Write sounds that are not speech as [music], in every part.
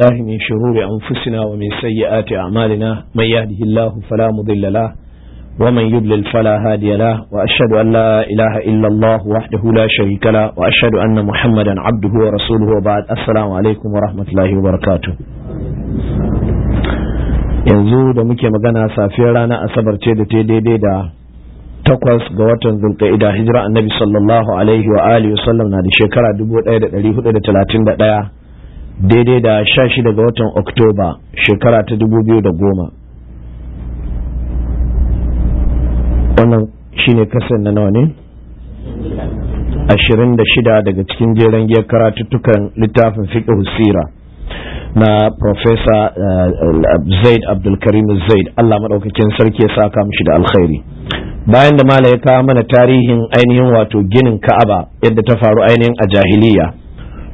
الله من شرور أنفسنا ومن سيئات أعمالنا من يهده الله فلا مضل له ومن يضلل فلا هادي له وأشهد أن لا إله إلا الله وحده لا شريك له وأشهد أن محمدا عبده ورسوله وبعد السلام عليكم ورحمة الله وبركاته yanzu da muke magana safiyar rana asabar ce da ta daidai da takwas ga watan zulqa'ida hijira annabi sallallahu alaihi wa alihi wasallam na da shekara 1431 daidai da shashi daga ga watan oktoba shekara ta dubu biyu da goma wannan ne kasan na nawa ne ashirin da shida daga cikin jeren giyar karatuttukan littafin fiƙe sira na Profesa eh, Zaid Abdulkarim Zaid Allah maɗaukakin sarki ya saka mishi da alkhairi bayan da mala ya kawo mana tarihin ainihin wato ginin Ka'aba yadda ta faru ainihin a jahiliya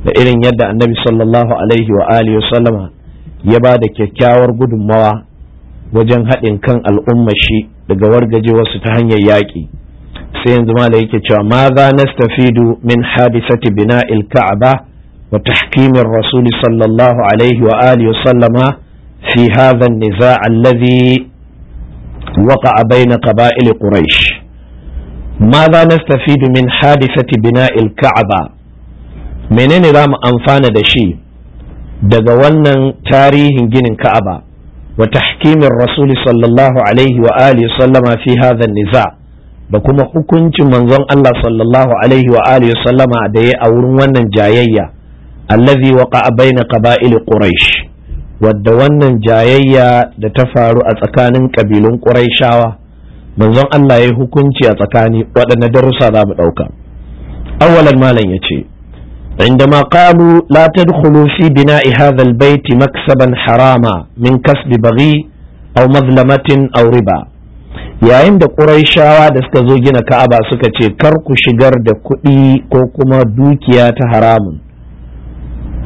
da irin yadda annabi sallallahu alaihi wa alihi sallama ya ba da kyakkyawar gudunmawa wajen haɗin kan al'ummar shi daga wasu ta hanyar yaƙi sai yanzu mala yake cewa ma za nastafidu min hadisati bina'il ka'aba wa tahkimin rasuli sallallahu alaihi wa alihi sallama fi hadha an-niza' alladhi waqa'a bayna qaba'il quraish ma za nastafidu min hadisati bina'il ka'aba menene za mu amfana da shi daga wannan tarihin ginin ka'aba wa tahkimin rasul sallallahu alaihi wa alihi sallama fi hadha niza da kuma hukuncin manzon Allah sallallahu alaihi wa alihi sallama da ya a wurin wannan jayayya allazi waqa baina qaba'il quraish wadda wannan jayayya da ta faru a tsakanin kabilun quraishawa manzon Allah ya hukunci a tsakani waɗanne darussa za mu ɗauka awwalan malam yace عندما قالوا لا تدخلوا في بناء هذا البيت مكسبا حراما من كسب بغي أو مظلمة أو ربا yayin da ƙuraishawa da suka zo gina ka'aba suka ce kar ku shigar da kuɗi ko kuma dukiya ta haramun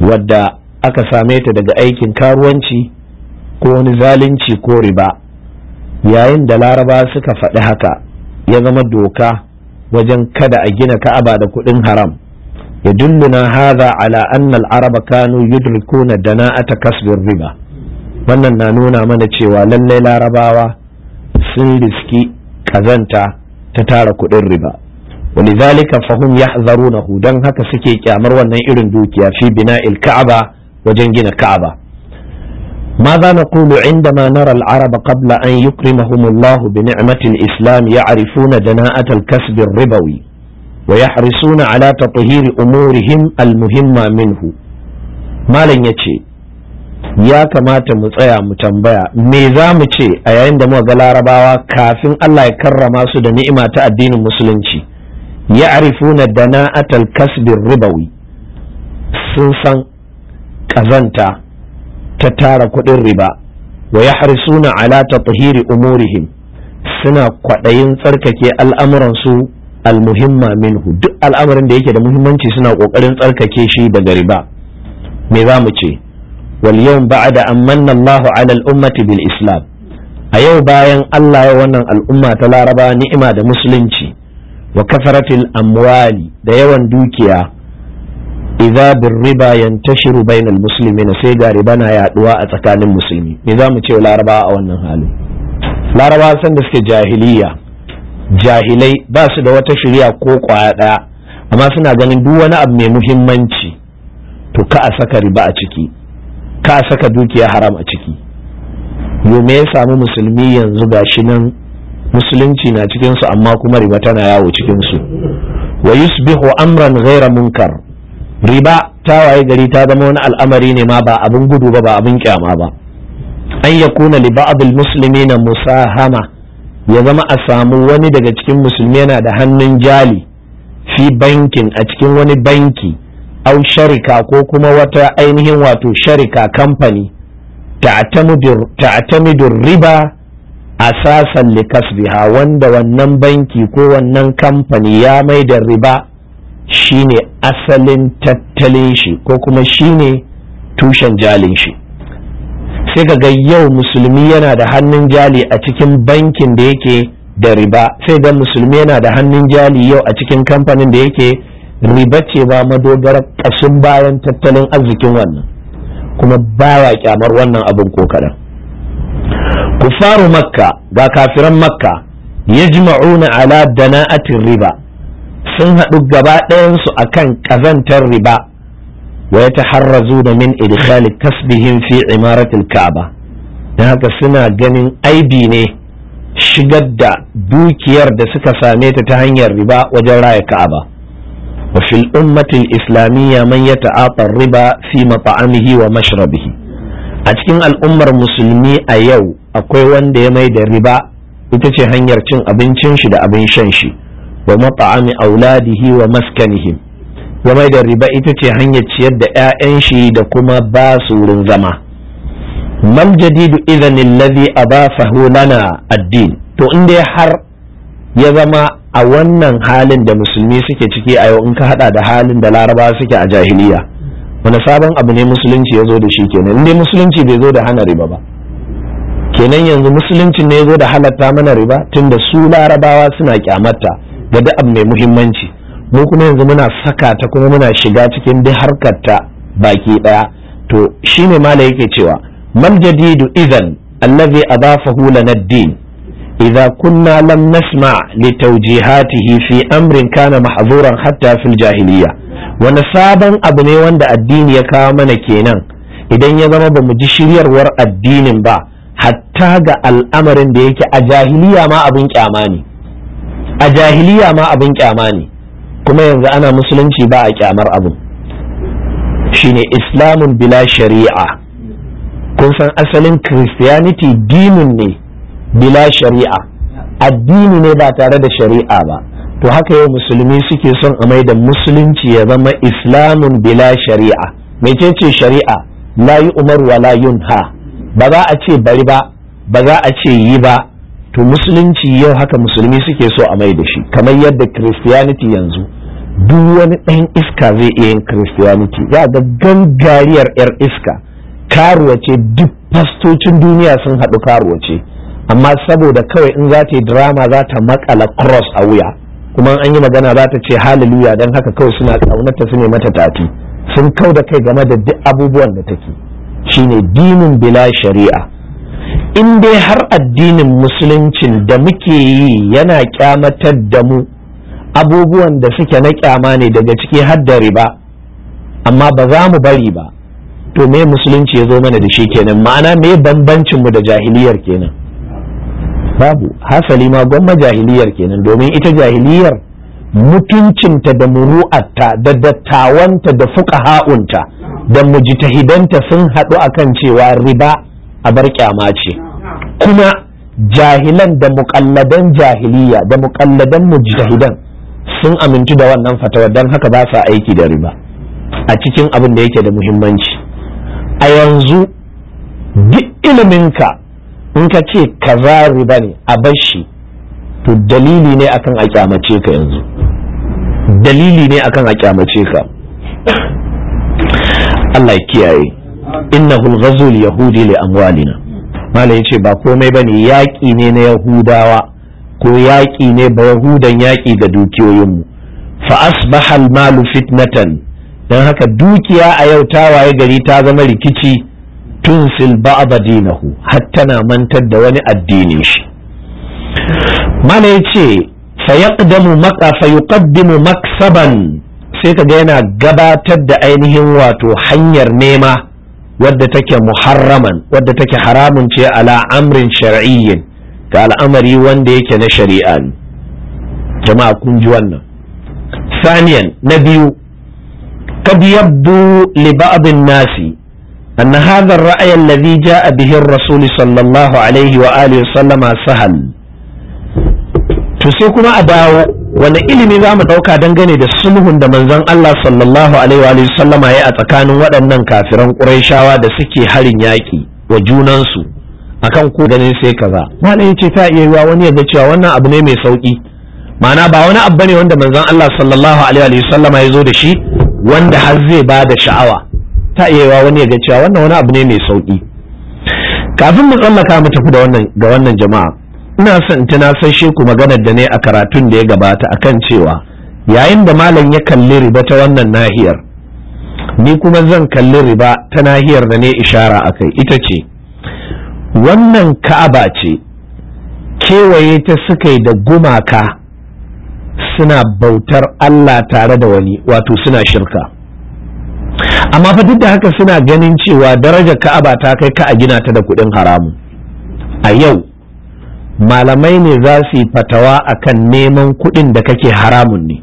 wadda aka same ta daga aikin karuwanci ko wani zalunci ko riba yayin da laraba suka faɗi haka ya zama doka wajen kada a gina ka'aba da kuɗin haram يدلنا هذا على أن العرب كانوا يدركون دناءة كسب الربا wannan na nuna mana cewa lallai larabawa sun riski kazanta ta tara kudin riba ولذلك فهم يحذرونه don haka suke kyamar wannan irin dukiya fi bina'il ka'aba wajen gina ka'aba ماذا نقول عندما نرى العرب قبل أن يكرمهم الله بنعمة الإسلام يعرفون دناءة الكسب الربوي wa yahrisuna ala tathhiri umurihim almuhimma hu? malam yace ya kamata mu tsaya mu tambaya me za mu ce a yayin da muka ga larabawa kafin Allah ya karrama su da ni'ima ta addinin musulunci Ya ya'rifuna atal kasbir ribawi sun san kazanta ta tara kudin riba wa ya yahrisuna ala tathhiri umurihim suna kwaɗayin tsarkake al'amuransu almuhimma minhu duk al'amarin da yake da muhimmanci suna kokarin tsarkake shi daga riba me za mu ce wal yawm ba'da an manna Allahu 'ala ummati bil islam a yau bayan Allah ya wannan al'umma ta laraba ni'ima da musulunci wa kafaratil amwali da yawan dukiya idza bir riba yantashiru bainal muslimina sai ga riba na yaduwa a tsakanin musulmi me za mu ce laraba a wannan hali laraba san da suke jahiliya jahilai ba su da wata shirya ko kwaya ɗaya amma suna ganin duk wani abu mai muhimmanci to ka a saka riba a ciki ka a saka dukiya haram a ciki yo me ya samu musulmi yanzu shi nan musulunci na cikinsu amma kuma riba tana yawo cikinsu wa yusbihu amran ghaira munkar riba ta waye gari ta zama wani al'amari ne ma ba abin gudu ba ba abin kyama ba an yakuna li ba'd al muslimina musahama ya zama a samu wani daga cikin musulmi yana da hannun jali fi bankin a cikin wani banki au sharika ko kuma wata ainihin wato sharika kamfani atamidun riba asasan likasbiha wanda wannan banki ko wannan kamfani ya mai da riba shine asalin tattalin shi ko kuma shine tushen jalin shi sai ka ga yau musulmi yana da hannun jali a cikin bankin da yake da riba sai ga musulmi yana da hannun jali yau a cikin kamfanin da yake riba ce ba madogarar kasun bayan tattalin arzikin wannan kuma baya kyamar wannan abin ko kaɗan kufaru makka ga kafiran makka ya yajma'una ala dana'atin riba sun haɗu gaba ɗayansu a kan ƙazantar riba wa yataharrazuna min idkhali kasbihim fi imaratil ka'aba dan haka suna ganin aibi ne shigar da dukiyar da suka same ta ta hanyar riba wajen raya ka'aba wa fil ummatil islamiyya man yata'ata riba fi mat'amihi wa mashrabihi a cikin al'ummar musulmi a yau akwai wanda ya mai da riba ita ce hanyar cin abincin shi da abin shan shi wa mat'ami auladihi wa maskanihim ya mai da riba ita ce hanyar ciyar da 'ya'yan shi da kuma ba su wurin zama mal jadidu idan alladhi abafahu lana addin to inda har ya zama a wannan halin da musulmi suke ciki a yau in ka hada da halin da laraba suke a jahiliya wani sabon abu ne musulunci ya zo da shi kenan inda musulunci bai zo da hana riba ba kenan yanzu musulunci ne ya zo da halatta mana riba tunda su larabawa suna kyamata ga abu mai muhimmanci mu kuma yanzu muna saka ta kuma muna shiga cikin duk harkar ta baki daya to shine mala yake cewa man jadidu idan allazi adafahu lana ad-din idza kunna lam nasma li tawjihatihi fi amrin kana mahzuran hatta fil jahiliya wani sabon abu ne wanda addini ya kawo mana kenan idan ya zama ba mu ji shiryarwar addinin ba hatta ga al'amarin da yake a jahiliya ma abin kyama ne a jahiliya ma abin kyama ne kuma yanzu ana musulunci ba a kyamar abu shine islamun bila shari'a kun san asalin christianity dinin ne bila shari'a addini ne ba tare da shari'a ba to haka yau musulmi suke son a mai da musulunci ya zama islamun bila shari'a mecece shari'a la yi umar wa la ha. ba za a ce bari ba ba za a ce yi ba to musulunci yau haka musulmi suke so a mai da shi kamar yadda christianity yanzu duk wani ɗan iska zai iya yin kiristiyaniti za ga gariyar 'yar iska karuwa ce duk fastocin duniya sun haɗu karuwa ce amma saboda kawai in za ta yi drama za ta makala cross a wuya kuma an yi magana za ta ce hallelujah don haka kawai suna ƙaunarta su ne mata tafi sun kau da kai game da duk abubuwan da take shine dinin bila shari'a in dai har addinin musuluncin da muke yi yana kyamatar da mu abubuwan da suke na kyama ne daga ciki har da riba amma ba za mu bari ba to me musulunci ya zo mana da shi kenan ma'ana me bambancin mu da jahiliyar kenan babu hasali ma gwamma jahiliyar kenan domin ita jahiliyar mutuncinta da muru'atta da dattawanta da fuqaha'unta da mujitahidanta sun haɗu akan cewa riba a bar kyama ce kuma jahilan da muƙalladan jahiliya da muƙalladan mujitahidan. sun amintu da wannan fatawar don haka ba sa aiki da riba a cikin abin da yake da muhimmanci a yanzu duk iliminka in ka ce kaza riba ne a bashi to dalili ne akan a kyamace ka yanzu dalili ne akan a kyamace ka Allah ya kiyaye innahul ghazul yahudi li amwalina malai yace ba komai bane yaƙi ne na yahudawa ko yaƙi ne ba yahudan yaƙi ga dukiyoyinmu fa asbaha malu fitnatan don haka dukiya a yau ta waye gari ta zama rikici tun silba ba'da dinahu hatta na mantar da wani addinin shi mana yace fa yaqdamu maka fa yuqaddimu maksaban sai kaga yana gabatar da ainihin wato hanyar nema wadda take muharraman wadda take haramun ce ala amrin shar'iyyin ga al'amari wanda yake na shari'a ne jama'a kun ji wannan saniyan na biyu kad yabdu li ba'dhin nasi ja'a bihi ar-rasul sallallahu alayhi wa alihi sallama sahal to sai kuma a dawo wani ilimi za mu ɗauka dangane da sulhun da manzon Allah sallallahu alaihi wa sallama ya a tsakanin waɗannan kafiran ƙurayshawa da suke harin yaƙi wa junansu akan ku ganin sai kaza malam yace ta iya yiwa wani ya ga cewa wannan abu ne mai sauki ma'ana ba wani abu bane wanda manzon Allah sallallahu alaihi wa sallama ya zo da shi wanda har zai ba da sha'awa ta iya yiwa wani ya ga cewa wannan wani abu ne mai sauki kafin mu tsallaka mu tafi da wannan ga wannan jama'a ina son tuna sashe ku maganar da ne a karatun da ya gabata akan cewa yayin da malam ya kalli riba ta wannan nahiyar ni kuma zan kalli riba ta nahiyar da ne ishara akai ita ce wannan ka'aba ce kewaye ta suka yi da gumaka suna bautar Allah tare da wani wato suna shirka amma fa duk da haka suna ganin cewa darajar ka'aba ta kai ka a gina ta da kuɗin haramu, a yau malamai ne za su yi fatawa a kan neman kuɗin da kake haramun ne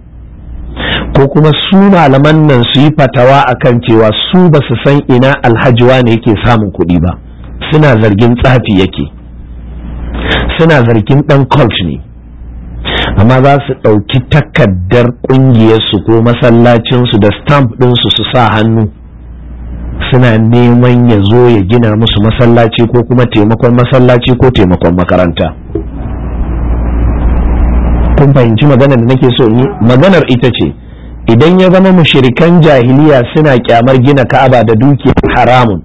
ko kuma su malaman nan su yi fatawa a kan cewa su ba su san ina alhajiwa ne yake samun kuɗi ba suna zargin tsafi yake suna zargin ɗan cult ne amma za su ɗauki takaddar ƙungiyarsu ko masallacinsu da stamp ɗinsu su sa hannu suna neman ya zo ya gina musu masallaci ko kuma taimakon masallaci ko taimakon makaranta kun fahimci maganar da nake so ni maganar ita ce idan ya zama mushirikan jahiliya suna kyamar gina ka'aba da dukiyar haramun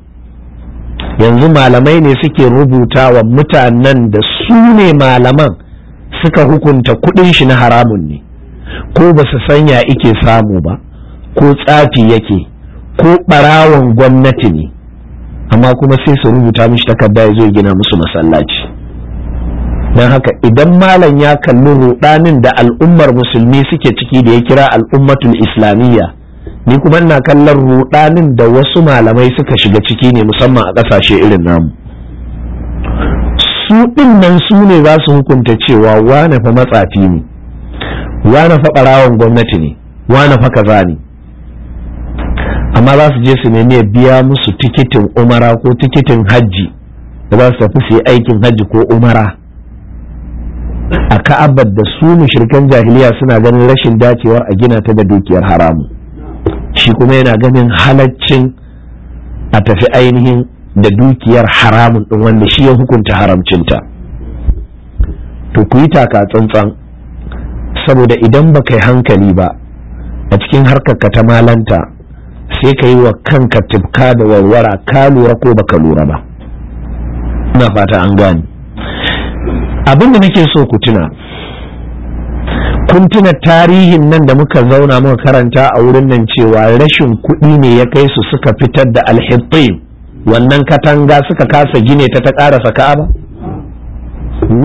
yanzu malamai ne suke rubuta wa mutanen da su ne malaman suka hukunta kudin shi na haramun ne ko ba su sanya ike samu ba ko tsafi yake ko ɓarawon gwamnati ne amma kuma sai su rubuta mishi takarda ya zo gina musu masallaci don haka idan malam ya kalli rudanin da al'ummar musulmi suke ciki da ya kira al'ummatul islamiyya ni kuma ina kallon rudanin da wasu malamai suka shiga ciki ne musamman a ƙasashe irin namu su nan su ne za su hukunta cewa wane fa matsafi ne wane fa ɓarawan gwamnati ne wane fa kaza ne amma za su je su nemi ya biya musu tikitin umara ko tikitin hajji da za su tafi su yi aikin hajji ko umara a ka'abar da su mushrikan jahiliya suna ganin rashin dacewar a gina ta da dukiyar haramu shi kuma yana ganin halaccin a tafi ainihin da dukiyar haramun ɗin wanda shi ya hukunta haramcinta to ku yi taka tsantsan saboda idan ba yi hankali ba a cikin harkarka ta malanta sai ka yi wa kanka tifka da warwara ka lura ko baka lura ba ina fata an gani abinda nake so ku tuna kun tuna tarihin nan da muka zauna muka karanta a wurin nan cewa rashin kuɗi ne ya kai su suka fitar da alhittin wannan katanga suka kasa gine ta ta ƙarasa ka'aba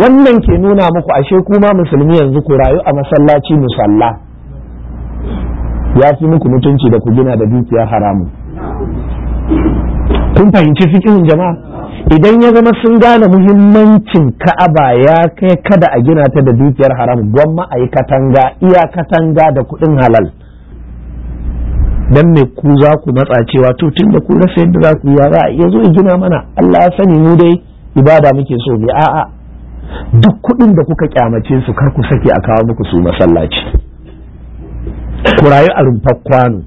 wannan ke nuna muku ashe kuma musulmi yanzu ku rayu a masallaci musalla ya fi muku mutunci da ku gina da dukiya haramu kun fahimci fikihin jama'a idan ya zama sun gane muhimmancin ka'aba ya kai kada a gina ta da dukiyar haram gwamma a yi katanga iya katanga da kuɗin halal dan mai ku za ku matsa cewa to tun da ku rasa yadda za ku yi a iya zo gina mana Allah ya sani mu dai ibada muke so bi a'a duk kuɗin da kuka kyamace su kar ku sake a kawo muku su masallaci ku rayu a rumfar kwano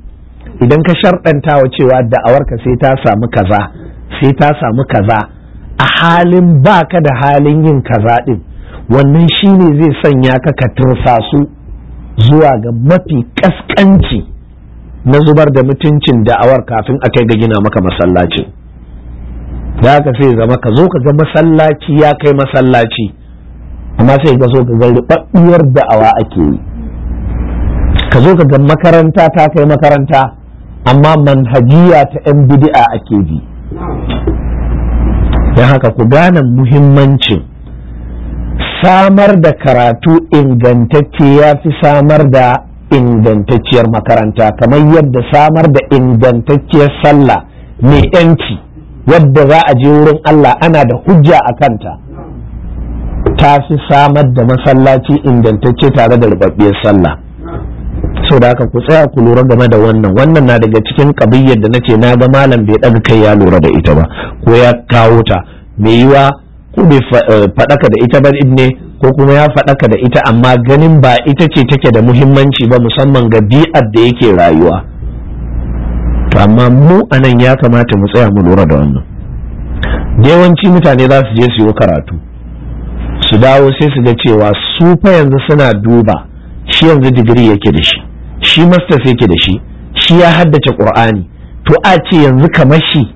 idan ka wa cewa da'awarka sai ta samu kaza sai ta samu kaza a halin baka da halin yin kaza din wannan shine zai sanya ka ka tursasu zuwa ga mafi kaskanci na zubar da mutuncin da'awar kafin a kai ga gina maka masallaci da ka sai zama ka zo ka ga masallaci ya kai masallaci amma sai ka zo ka ga riɓaɓɓiyar da'awa ake yi ka zo ka ga makaranta ta kai makaranta amma manhajiya ta 'yan bidi'a ake bi don haka ku gane muhimmancin samar da karatu ingantacce ya fi samar da ingantacciyar makaranta kamar yadda samar da ingantacciyar sallah mai yanci wadda za a je wurin Allah ana da hujja a kanta ta fi samar da masallaci ingantacce tare da rubabbiyar sallah so da haka ku tsaya ku lura game da wannan wannan na daga cikin kabiyyar da nace na ga malam bai daga kai ya lura da ita ba ko ya kawo ta me yiwa ko bai faɗaka eh, da ita ba ne ko kuma ya faɗaka da ita amma ganin ba ita ce take da muhimmanci ba musamman ga bi'ar da yake rayuwa amma mu anan ya kamata mu tsaya mu lura da wannan yawanci mutane za su je su yi karatu su dawo sai su ga cewa su fa yanzu suna duba shi yanzu digiri yake da shi shi masters yake da shi shi ya haddace qur'ani to a ce yanzu kamar shi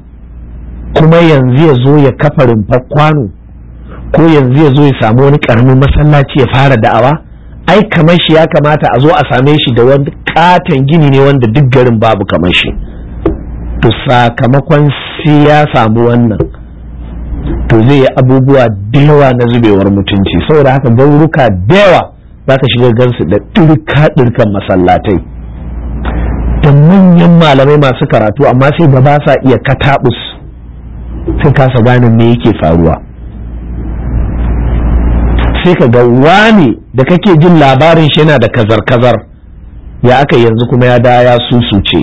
kuma yanzu ya zo ya kafa rumfar kwano ko yanzu ya zo ya samu wani karamin masallaci ya fara da'awa ai kamar shi ya kamata a zo a same shi da wani katon gini ne wanda duk garin babu kamar shi to sakamakon sai ya samu wannan to zai yi abubuwa da na zubewar mutunci saboda haka gauruka da yawa za ka shiga gansu da turka ɗirkan masallatai da manyan malamai masu karatu amma sai ba ba sa iya kataɓus sai kasa gane me yake faruwa sai ka ga ne da kake jin labarin shi yana da kazar-kazar ya aka yanzu kuma ya da ya susuce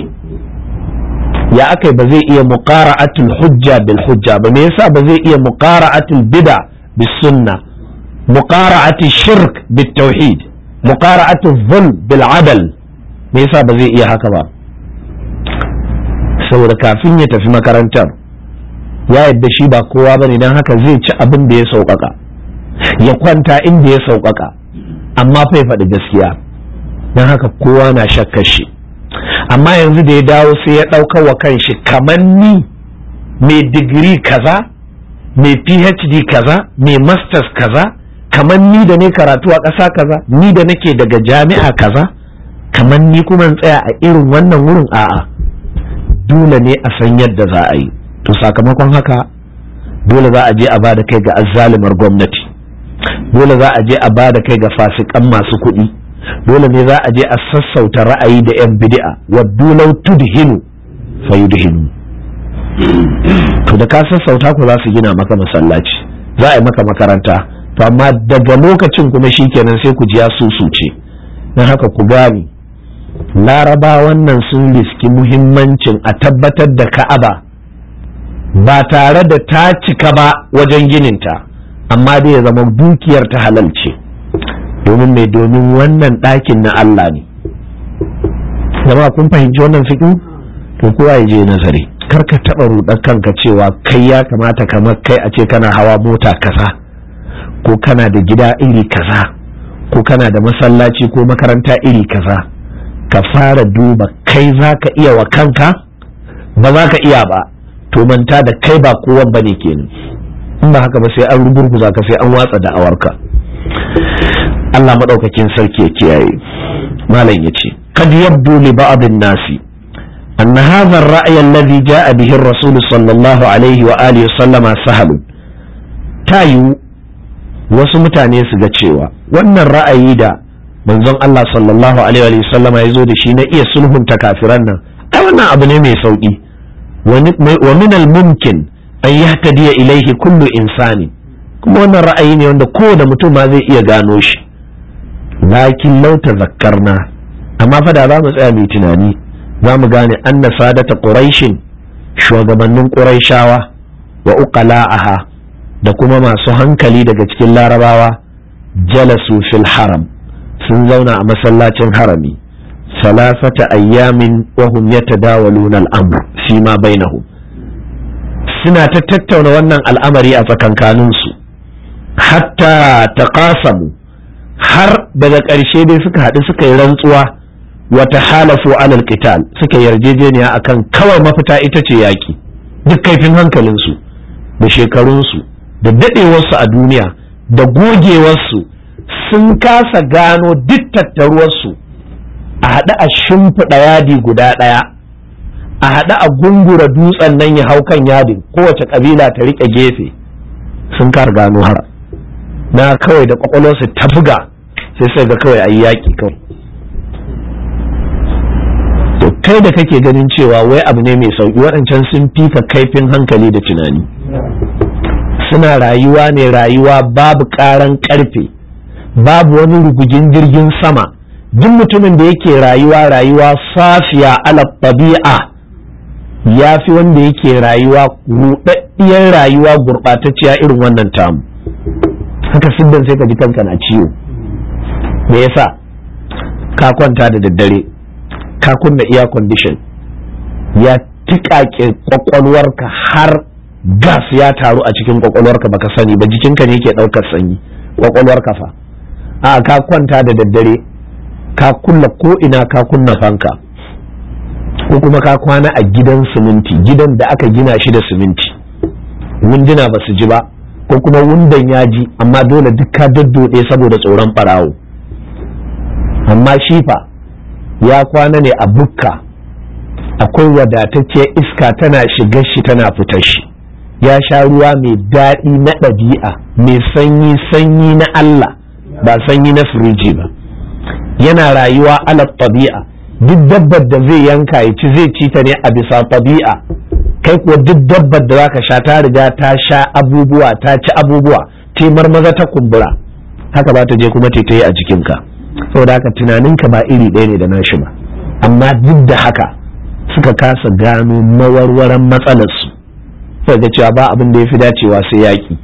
ya aka ba zai iya muqara'atul hujja bil hujja ba me yasa ba zai iya muqara'atul bid'a bis muqara'ati shirk bi tauhid muqara'ati dhulm bil adal me yasa ba zai iya haka ba saboda kafin ya tafi makarantar ya yadda shi ba kowa ne dan haka zai ci abin da ya sauƙaƙa ya kwanta in da ya sauƙaƙa amma ya faɗi gaskiya dan haka kowa na shakkar shi amma yanzu da ya dawo sai ya ɗauka wa kan shi kamar ni mai digiri kaza mai phd kaza mai masters kaza kamar ni da ne karatu a ƙasa kaza ni da nake daga jami'a kaza kamar ni kuma tsaya a irin wannan wurin a'a dole ne a san yadda za a yi to sakamakon haka dole za a je a bada kai ga azzalimar gwamnati dole za a je a bada kai ga fasikan masu kuɗi dole ne za a je a sassauta ra'ayi da 'yan bid'a waddu law tudhinu fayudhinu to da ka sassauta ku za su gina maka masallaci za a yi maka makaranta to amma daga lokacin kuma shikenan sai ku ji ya ce don haka ku gani Laraba wannan sun liski muhimmancin a tabbatar da ka'aba ba tare da ta cika ba wajen ginin ta, amma dai ya zama dukiyar ta halal domin mai domin wannan ɗakin na Allah ne zama kun fahimci wannan fiƙi to kowa ya je nazari Kar ka taɓa ruɗar kanka cewa kai ya kamata kamar kai a ce kana hawa mota kaza ko kana da gida iri kaza ko kana da masallaci ko makaranta iri kaza ka fara duba kai za ka iya wa kanka ba za ka iya ba to manta da kai ba kowan ba ne kenan in ba haka ba sai an rugurguza ka sai an watsa da'awarka Allah maɗaukakin sarki ya kiyaye malam ya ce kad yabdu li ba'd nasi أن هذا الرأي a جاء به الرسول صلى الله عليه وآله wasu mutane suga cewa wannan ra'ayi da manzon Allah sallallahu ya zo da shi na iya sulhunta kafiran nan ai abu ne mai sauki wa min al mumkin an yahtadiya ilaihi kullu insani kuma wannan ra'ayi ne wanda kowane mutum ma zai iya gano shi lauta lau na. amma fa da za mu tsaya mai tunani za mu gane anna sadata ƙuraishin shugabannin ƙuraishawa wa uƙala'aha da kuma masu hankali daga cikin larabawa jalasu fil haram sun zauna a masallacin harami salasata ayyamin wa hum yatadawaluna al-amr fi ma bainahum suna ta tattauna wannan al'amari a tsakankaninsu hatta ta mu, har daga ƙarshe dai suka haɗu suka yi rantsuwa wata halafu alal qital suka yarjejeniya akan kawai mafita ita ce yaki duk kaifin hankalinsu da shekarunsu da dadewarsu a duniya da gogewarsu sun kasa gano duk tattaruwarsu a haɗu a shimfiɗa yadi guda ɗaya a haɗu a gungura dutsen nan ya hau kan yadin kowace ƙabila ta riƙe gefe sun kar gano har na kawai da su ta buga sai sai ga kawai a yi yaƙi kawai to kai da kake ganin cewa wai abu ne mai sauki waɗancan sun fi kaifin hankali da tunani suna rayuwa ne rayuwa babu ƙaran ƙarfe babu wani rugugin jirgin sama duk mutumin da yake rayuwa rayuwa safiya ala tabi'a ya fi wanda yake rayuwa ruɗaɗɗiyar rayuwa gurɓatacciya irin wannan tamu haka siddan sai ka ji kanka na ciwo me yasa ka kwanta da daddare ka kunna iya condition ya tikake kwakwalwarka har gas ya taru a cikin kwakwalwarka baka sani ba jikinka ne ke daukar sanyi kwakwalwarka fa a ka kwanta da daddare ka kunna ko ina ka kunna fanka ko kuma ka kwana a gidan siminti gidan da aka gina shi da siminti wunduna ba su ji ba ko kuma wundan ya ji amma dole duk ka daddode saboda tsoron barawo amma shifa ya kwana ne a bukka akwai wadatacciyar iska tana shiga shi tana fita shi ya sha ruwa mai daɗi na ɗabi'a mai sanyi sanyi na Allah ba sanyi na firiji ba yana rayuwa ala ɗabi'a duk dabbar da zai yanka ya ci zai ci ta ne a bisa ɗabi'a kai kuwa duk dabbar da zaka sha ta riga ta sha abubuwa ta ci abubuwa te marmaza ta kumbura haka ba ta je kuma te ta yi a jikinka saboda haka tunaninka ba iri ɗaya ne da nashi ba amma duk da haka suka kasa gano mawarwaran matsalarsu sai ga cewa ba abin da ya fi dacewa sai yaƙi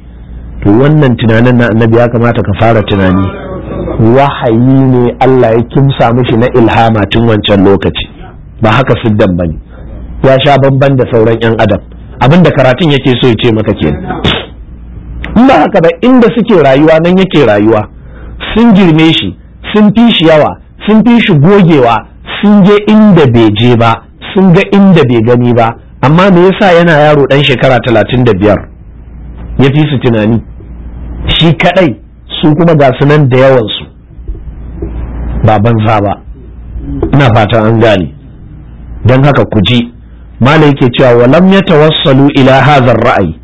to wannan tunanin na annabi ya kamata ka fara tunani wahayi ne Allah ya kimsa mishi na ilhama tun wancan lokaci ba haka siddan bane ya sha bamban da sauran yan adam abin da karatun yake so ya ce maka kenan in ba haka ba inda suke rayuwa nan yake rayuwa sun girme shi sun fi shi yawa sun fi shi gogewa sun je inda bai je ba sun ga inda bai gani ba amma me yasa yana yaro dan shekara talatin da biyar ya fi su tunani shi kadai su kuma ga su nan da yawansu ba banza ba ina fatan an gane don haka ku ji mala yake cewa walam ya tawassalu ila hazar ra'ayi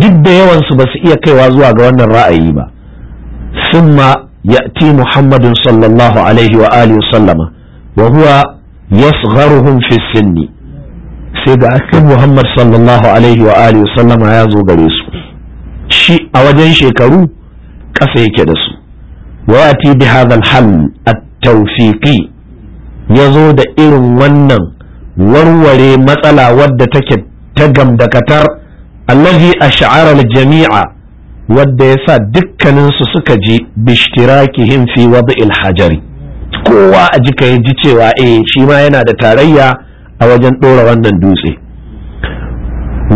duk da yawansu ba su iya kaiwa zuwa ga wannan ra'ayi ba summa ya'ti Muhammadu sallallahu alaihi wa alihi sallama wa huwa yasgharuhum sai ga akan muhammad sallallahu ya zo gare su shi a wajen shekaru ƙasa yake da su wa ya'ti bi hadha al-hal at-tawfiqi yazo da irin wannan warware matsala wadda take ta gamdakatar allazi a al-jami'a wadda ya sa dukkaninsu suka ji bishtirakihim fi wadda hajari kowa a jika ya ji cewa eh shi ma yana da tarayya a wajen ɗora wannan dutse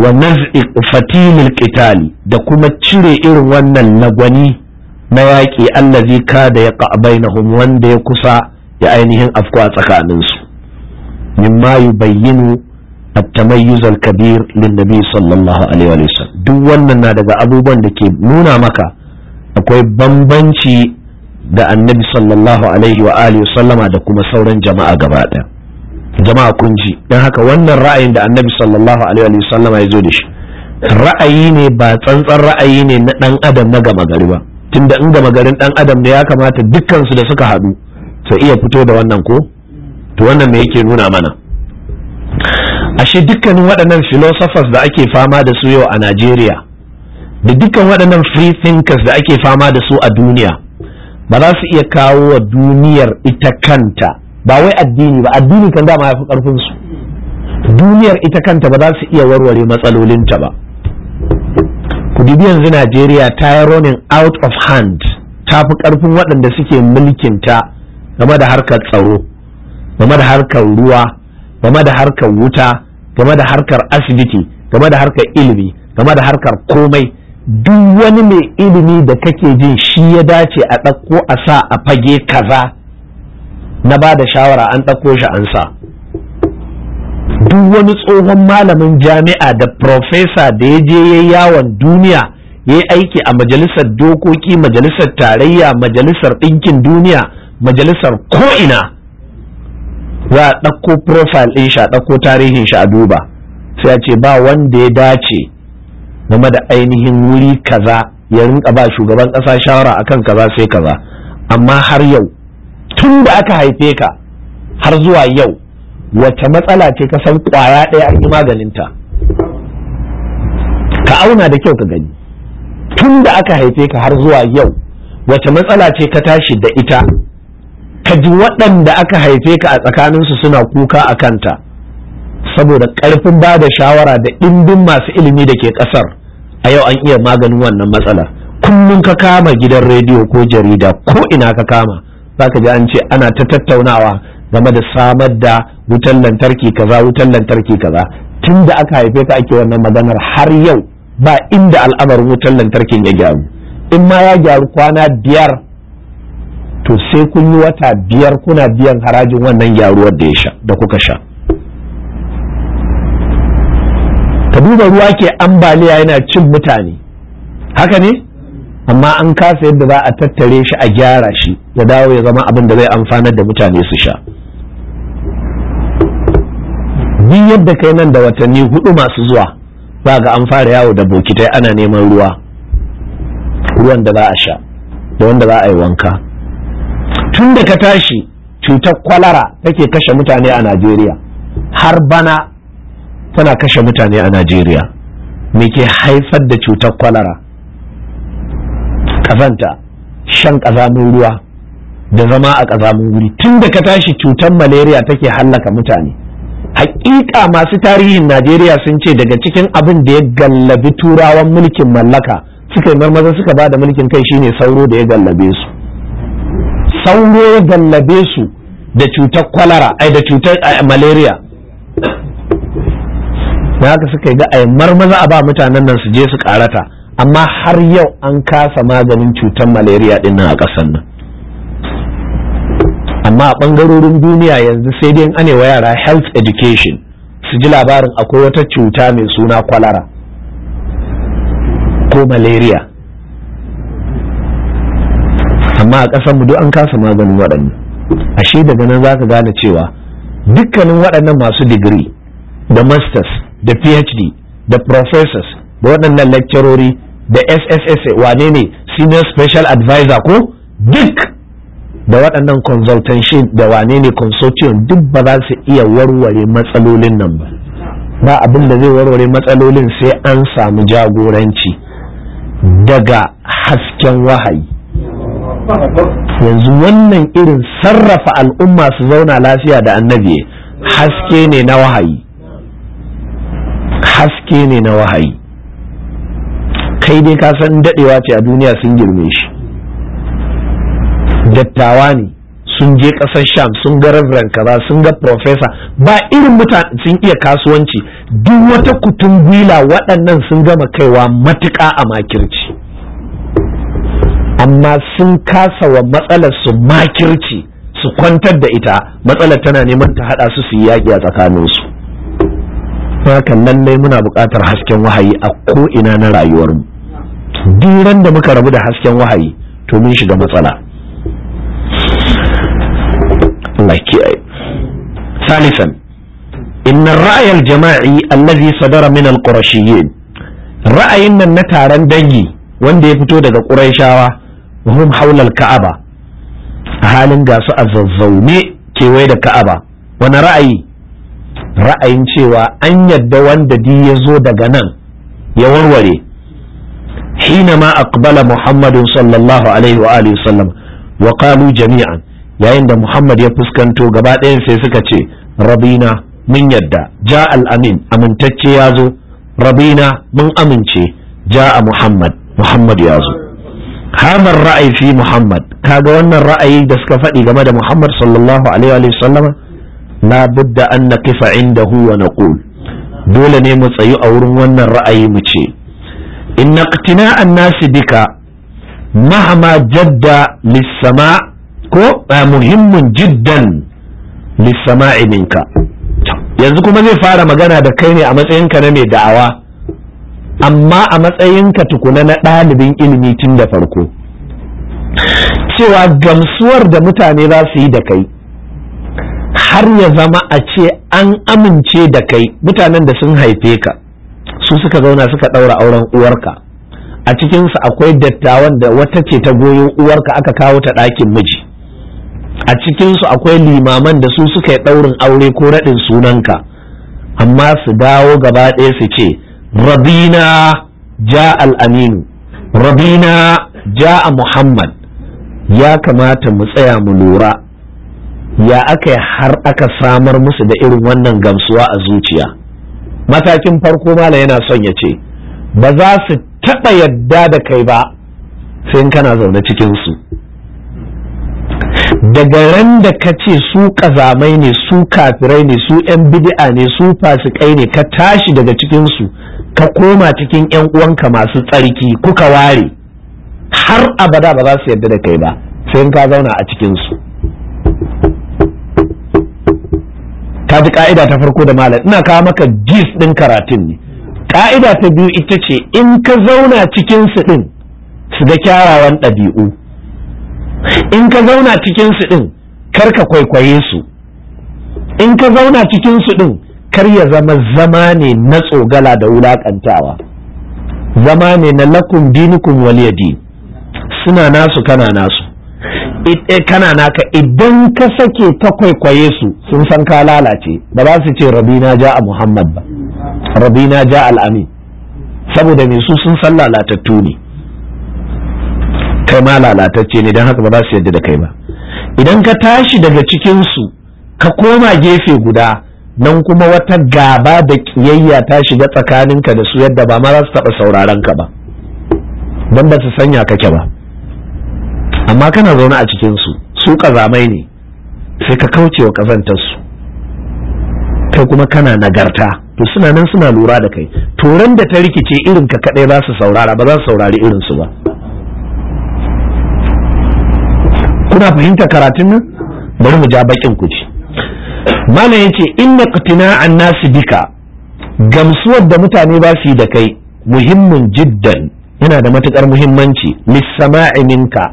wa naz'i fatimil qitali da kuma cire irin wannan lagwani na yaƙi allazi da ya bainahum wanda ya kusa ya ainihin tsakaninsu? a tsakaninsu mimma yubayyinu التميز الكبير للنبي صلى الله عليه وسلم duk wannan na daga abubuwan da ke nuna maka akwai bambanci da annabi sallallahu alaihi wa alihi sallama da kuma sauran jama'a gaba ɗaya jama'a kun ji haka wannan ra'ayin da annabi sallallahu alaihi wa sallama ya zo da shi ra'ayi ne ba tsantsan ra'ayi ne na ɗan adam na gama gari ba tunda in gama garin ɗan adam ne ya kamata dukkansu da suka haɗu su iya fito da wannan ko to wannan me yake nuna mana ashe dukkanin waɗannan philosophers da ake fama da su yau a Najeriya da dukkan waɗannan free thinkers da ake fama da su a duniya ba za su iya kawo wa duniyar ita kanta ba wai addini ba addini kan dama ya fi ƙarfin duniyar ita kanta ba za su iya warware matsalolinta ba ku yanzu Najeriya ta yi running out of hand ta fi ƙarfin waɗanda suke mulkinta game da harkar tsaro game da harkar ruwa game da harkar wuta game da harkar asibiti game da harkar ilimi game da harkar komai duk wani mai ilimi da kake jin shi ya dace a ɗauko a sa a fage kaza na ba da shawara an ɗauko shi an sa duk wani tsohon malamin jami'a da profesa da ya je ya yawon duniya ya yi aiki a majalisar dokoki majalisar tarayya majalisar ɗinkin duniya majalisar ko'ina za a ɗauko profile ɗin shi a ɗauko tarihin shi a duba sai a ce ba wanda ya dace game da ainihin wuri kaza ya rinka ba shugaban ƙasa shawara akan kaza sai kaza amma har yau tun da aka haife ka har zuwa yau wacce matsala ce ka san ƙwaya ɗaya an yi maganinta ka auna da kyau ka gani tun da aka haife ka har zuwa yau wacce matsala ce ka tashi da ita ka ji waɗanda aka haife ka a tsakaninsu suna kuka a kanta saboda ƙarfin ba da shawara da ɗimbin masu ilimi da ke ƙasar a yau an iya maganin wannan matsala kullum ka kama gidan rediyo ko jarida ko ina ka kama za ka ji an ce ana ta tattaunawa game da samar da wutan lantarki kaza wutan lantarki kaza tun da aka haife ka ake wannan maganar har yau ba inda al'amarin wutan lantarkin ya gyaru in ma ya gyaru kwana biyar to sai kun yi wata biyar kuna biyan harajin wannan gyaruwar da ya sha da kuka sha ka duba ruwa ke ambaliya yana cin mutane haka ne amma an kasa yadda za a tattare shi a gyara shi ya dawo ya zama abin da zai amfanar da mutane su sha Ni yadda kai nan da watanni hudu masu zuwa za ga an fara yawo da bokitai ana neman ruwa ruwan da za a sha da wanda za a yi wanka tun da ka tashi cutar kwalara take kashe mutane a najeriya har bana tana kashe mutane a najeriya me ke haifar da cutar kwalara kazanta shan kazamin ruwa da zama a kazamin wuri tun da ka tashi cutar malaria take hallaka mutane hakika masu tarihin najeriya sun ce daga cikin abin da ya gallabi turawan mulkin mallaka suka yi marmaza suka ba da mulkin kai shine sauro da ya gallabe su sauro ya gallabe su da cutar kwalara ai da cutar malaria da haka suka yi ga ai marmaza a ba mutanen nan su je su karata amma har yau an kasa maganin cutar malaria din nan a ƙasar nan amma a ɓangarorin duniya yanzu sai dai an wa yara health education su ji labarin akwai wata cuta mai suna kwalara ko malaria amma a ƙasar mu duk an kasa maganin waɗannan ashe daga nan za ka gane cewa dukkanin waɗannan masu digiri da masters da phd da professors da waɗannan lecturori da sssa wane ne senior special advisor ko duk da waɗannan consultation da wane ne consortium duk ba za su iya warware matsalolin nan ba ba abin da zai warware matsalolin sai an samu jagoranci daga hasken wahayi yanzu wannan irin sarrafa al'umma su zauna lafiya da annabi haske ne na wahayi haske ne na wahayi kai dai ka san dadewa ce a duniya sun girme shi dattawa ne sun je kasar sham sun ga reverend kaza sun ga professor ba irin mutane sun iya kasuwanci duk wata kutun gwila waɗannan sun gama kaiwa matuƙa a makirci amma sun kasa wa matsalar su makirci su kwantar da ita matsalar tana neman ta hada su su yi yaƙi a tsakaninsu hakan nan dai muna buƙatar hasken wahayi a ko'ina na rayuwarmu duk da muka rabu da hasken wahayi to mun shiga matsala salisan inna ra'ayal jama'i allazi sadara min al-qurashiyyin ra'ayin nan na taron dangi wanda ya fito daga ƙurayshawa Muhim Haular ka'aba a halin gasu a zazzaune kewaye da ka'aba wani ra'ayi ra'ayin cewa an yadda wanda di ya zo daga nan ya warware hina ma aqbala Muhammadu sallallahu alaihi wa jami'an yayin da muhammad ya fuskanto gaba ɗaya sai suka ce rabina mun yadda ja al-amin ya zo rabina mun amince ja muhammad muhammad ya zo hamar ra'ayi fi muhammad kaga wannan ra'ayi da suka faɗi game da muhammad sallallahu alaihi wa sallam na budda an naqifa indahu wa naqul dole ne mu tsayu a wurin wannan ra'ayi mu ce inna qtina'an nasi bika mahama jadda lis ko muhimmin jiddan lis minka yanzu kuma zai fara magana da kai ne a matsayinka na mai da'awa amma a matsayin ka tukuna na ɗalibin ilimi tun da farko cewa gamsuwar da mutane za su yi da kai har ya zama a ce an amince da kai mutanen da sun haife ka su suka zauna suka ɗaura auren uwarka a cikinsu akwai dattawan da wata ce ta goyo uwarka aka kawo ta ɗakin miji a cikinsu akwai limaman da su suka yi ɗaurin aure ko raɗin sunanka amma su dawo gaba ɗaya su ce rabina ja Aminu. rabina ja a muhammad ya kamata mu tsaya mu lura ya aka har aka samar musu da irin wannan gamsuwa a zuciya matakin farko mala yana son ya ce ba za su taɓa yadda da kai ba sai kana zaune cikinsu daga ran ka ce su ƙazamai ne su kafirai ne su 'yan bid'a ne su fasikai ne ka tashi daga cikinsu ka koma cikin yan uwanka masu tsarki kuka ware har abada ba za su yarda da kai ba sai ka zauna a cikin su ka ji ka'ida ta farko da malam ina kawo maka jis din karatun ne ka'ida ta biyu ita ce in ka zauna cikin su din su ga kyawawan ɗabi'u in ka zauna cikin su din kar ka kwaikwaye su in ka zauna cikinsu su din kar ya zama zama ne na tsogala da wulaƙantawa, zama ne na lakum dinukum waliyadi suna nasu kana nasu eh, kana naka idan ka sake ta kwaikwaye su sun san ka lalace ba za su ce rabina ja a muhammad ba rabina ja al'amin saboda me su sun san lalatattu ne kai ma lalatacce ne don haka ba za su yadda da kai ba idan ka tashi daga cikinsu ka koma gefe guda nan kuma wata gaba da kiyayya ta shiga tsakaninka da su yadda ba ma za su taɓa sauraron ka ba don ba su sanya kake ba amma kana zaune a cikin su su ƙazamai ne sai ka kauce wa su kai kuma kana nagarta to suna nan suna lura da kai turan da ta rikice irin ka kaɗai ba su saurara ba za su saurari irinsu ba kuna fahimta karatun nan bari mu ja bakin ku ci in yace inna an nasu bika gamsuwar da mutane ba su yi da kai muhimmin jiddan yana da matukar muhimmanci lissama'i minka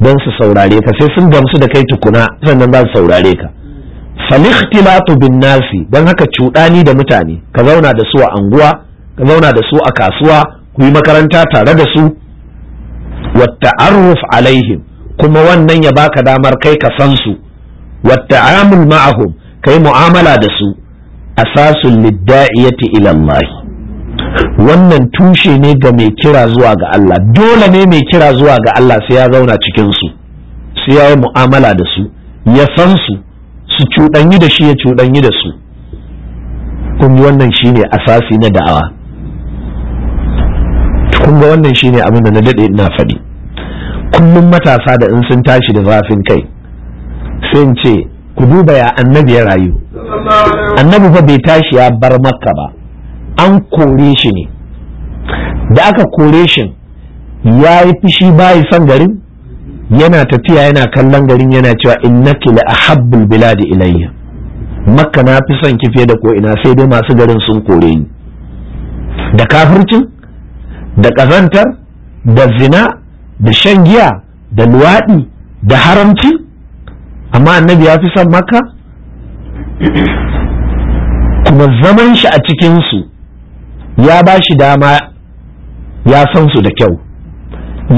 don su saurare ka sai sun gamsu da kai tukuna sannan ba su saurare ka falikhtilatu bin nasi don haka cuɗani da mutane ka zauna da su a anguwa ka zauna da su a kasuwa ku yi makaranta tare da su wata arruf alaihim kuma wannan ya baka damar kai ka san su wata ma'ahum kai mu'amala da su asasul lidda'iyati ila Allah wannan tushe ne ga mai kira zuwa ga Allah dole ne mai kira zuwa ga Allah sai ya zauna cikin su sai ya yi mu'amala da su ya san su su cuɗanyi da shi ya cuɗanyi da su kun wannan shine asasi na da'awa kun ga wannan shine abin da na dade ina faɗi kullum matasa da in sun tashi da zafin kai sai in ce ku duba ya annabi ya rayu annabi fa bai tashi ya bar makka ba an kore shi ne da aka kore shi ya yi fushi bayi son garin yana tafiya yana kallon garin yana cewa innaki la ahabbul biladi ilayya makka na fi son ki fiye da ko ina sai dai masu garin sun kore ni da kafircin da kazantar da zina da shan giya da luwaɗi da haramci amma annabi ya fi son maka kuma zaman shi a cikinsu ya ba shi dama ya san su da kyau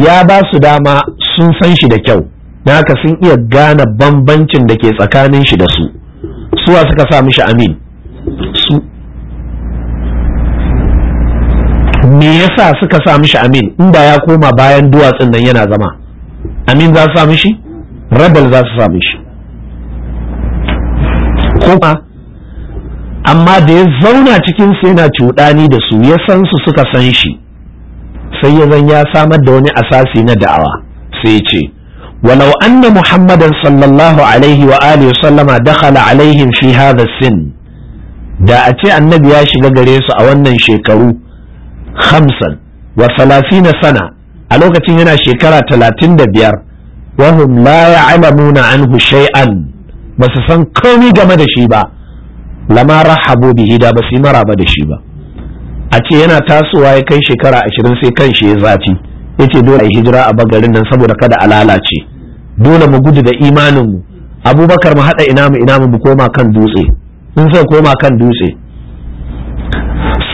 ya ba su dama sun san shi da kyau na haka sun iya gane bambancin da ke tsakanin shi da su suwa suka sa mishi amin su me yasa suka sa mishi amin ba ya koma bayan duwatsun nan yana zama amin za su sa mishi rabal za su sa mishi koma amma da ya zauna cikin su yana cuɗani da su ya san su suka san shi sai ya zan ya samar da wani asasi na da'awa sai ya ce walau anna muhammadan sallallahu alaihi wa alihi sallama dakhala alaihim fi hadha sin da a ce annabi ya shiga gare su a wannan shekaru hamsan wa salasina sana a lokacin yana shekara talatin da biyar wahum la ya'lamuna anhu shay'an ba su san komai game da shi ba lama rahabu bihi da ba su yi maraba da shi ba a ce yana tasowa ya kai shekara ashirin sai kan shi ya zafi ya ce dole a yi hijira a bagarin nan saboda kada a lalace dole mu gudu da imaninmu abubakar mu haɗa ina mu ina mu koma kan dutse in sai koma kan dutse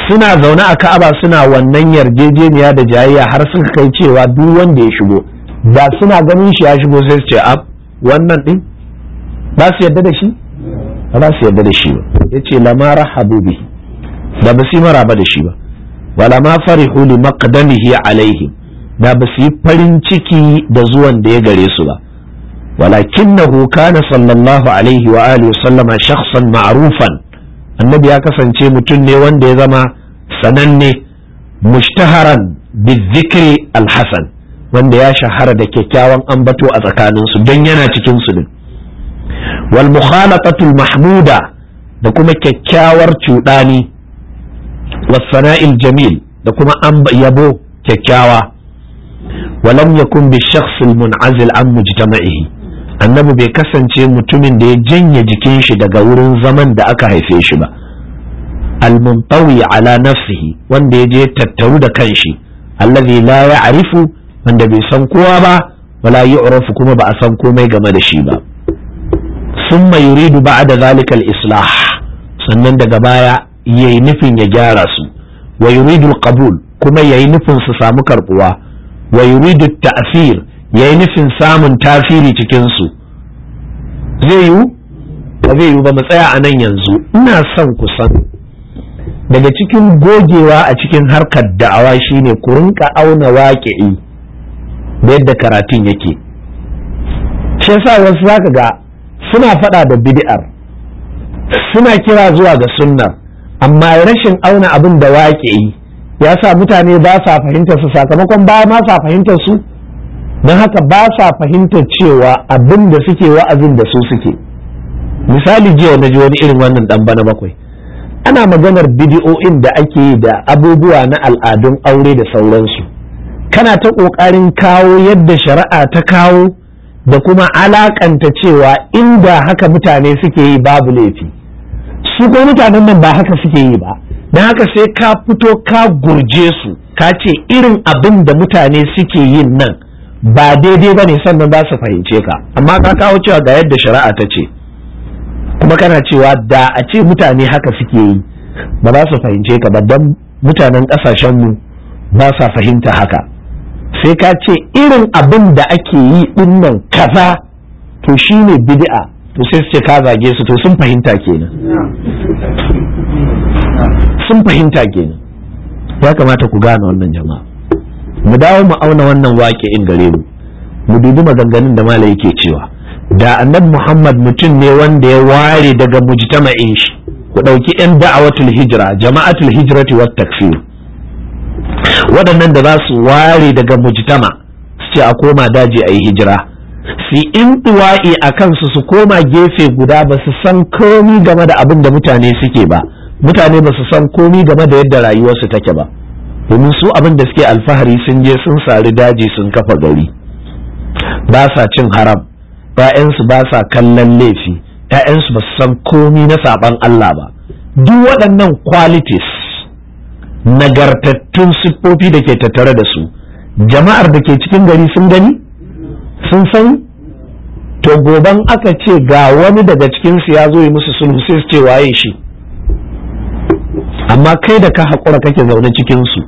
suna zaune a ka'aba suna wannan yarjejeniya da jayayya har suka kai cewa duk wanda ya shigo Ba suna ganin shi ya shigo sai su ce a wannan din ba su yadda da shi ba su yadda da shi ba ya ce lamara habubi da ba su yi maraba da shi ba wa lama farihu li maqdamihi alaihim da ba su yi farin ciki da zuwan da ya gare su ba walakinnahu kana sallallahu alaihi wa alihi wa sallama shakhsan ma'rufan annabi ya kasance mutum ne wanda ya zama sananne mushtaharan bizikri AlHassan. wanda ya shahara da kyakkyawan ambato a tsakaninsu don yana cikin su wal mahmuda da kuma kyakkyawar cuɗani wasana'il jamil da kuma an yabo kyakkyawa walam yakun bi shakhsil mun'azil an mujtama'ihi annabi bai kasance mutumin da ya janye jikin shi daga wurin zaman da aka haife shi ba al-muntawi ala nafsihi wanda ya je tattaru da kanshi allazi la ya'rifu wanda bai san kowa ba wala yu'rafu kuma ba a san komai game da shi ba thumma yuridu ba'da zalika al-islah sannan daga baya yayi nufin ya gyara su wa yuridu al-qabul kuma yayi nufin su samu karbuwa wa yuridu at-ta'sir yayi nufin samun tasiri cikin su zai yiwu ba zai yiwu ba mu tsaya a nan yanzu ina son ku san daga cikin gogewa a cikin harkar da'awa shine ku rinka auna waƙi'i da yadda karatun yake shi yasa wasu zaka ga suna faɗa da bid'ar suna kira zuwa ga sunnar amma rashin auna abin da waƙe yi ya sa mutane ba sa fahimtar su sakamakon ba ma sa fahimtar su don haka ba sa fahimtar cewa abin da suke wa'azin da su suke misali jiya na ji wani irin wannan dan bana bakwai ana maganar bidiyo'in da ake da abubuwa na al'adun aure da sauransu kana ta ƙoƙarin kawo yadda shari'a ta kawo da kuma alakanta cewa inda haka mutane suke yi babu laifi su ko mutanen nan ba haka suke yi ba don haka sai ka fito ka gurje su ka ce irin abin da mutane suke yin nan ba daidai ba ne sannan ba su fahimce ka amma ka kawo cewa ga yadda shari'a ta ce kuma kana cewa da a ce mutane haka suke yi ba za su fahimce ka ba don mutanen ƙasashenmu ba sa fahimta haka sai ka ce irin abin da ake yi ɗinnan kaza to ne bid'a to sai su ce ka zage su to sun fahimta kenan sun fahimta kenan ya kamata ku gane wannan jama'a mu dawo mu auna wannan wake in gare mu mu dubi maganganun da malai yake cewa da annabi muhammad mutum ne wanda ya ware daga mujtama'in shi ku ɗauki 'yan da'awatul hijira jama'atul hijrati wat takfir waɗannan da za su ware daga mujtama su ce a koma daji a yi hijira su duwa'i a kansu su koma gefe guda ba su san komi game da abin da mutane suke ba mutane ba su san komi game da yadda rayuwarsu take ba domin su abin da suke alfahari sun je sun sari daji sun kafa gari ba sa cin haram bayansu ba sa kallon laifi ‘ya'yansu ba su san komi na saban Allah ba duk waɗannan qualities nagartattun siffofi da ke tattare da su jama'ar da ke cikin gari sun gani sun san to goban aka ce ga wani daga cikinsu ya zo yi musu sulhu sai su ce waye shi amma kai da ka haƙura kake zaune cikinsu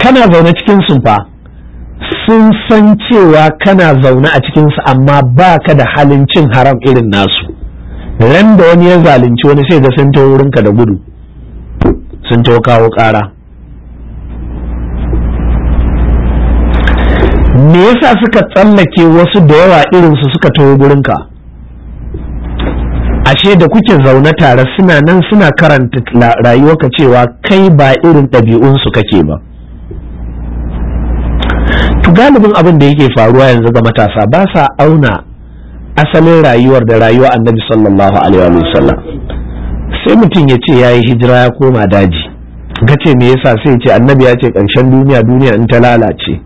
kana zaune cikinsu fa sun san cewa kana zaune a cikinsu amma baka da halin cin haram irin nasu ran da wani ya zalunci wani sai ga sun ta wurinka da gudu sun ta kawo ƙara me yasa suka tsallake wasu da yawa irinsu suka taho gurinka ashe da kuke zaune tare suna nan suna karanta rayuwarka cewa kai ba irin ɗabi'unsu kake ba to galibin abin da yake faruwa yanzu ga matasa ba sa auna asalin rayuwar da rayuwar annabi sallallahu alaihi wasallam sai mutum ya ce ya yi hijira ya koma daji ka ce me yasa sai ce annabi ya ce ƙarshen duniya duniya in ta lalace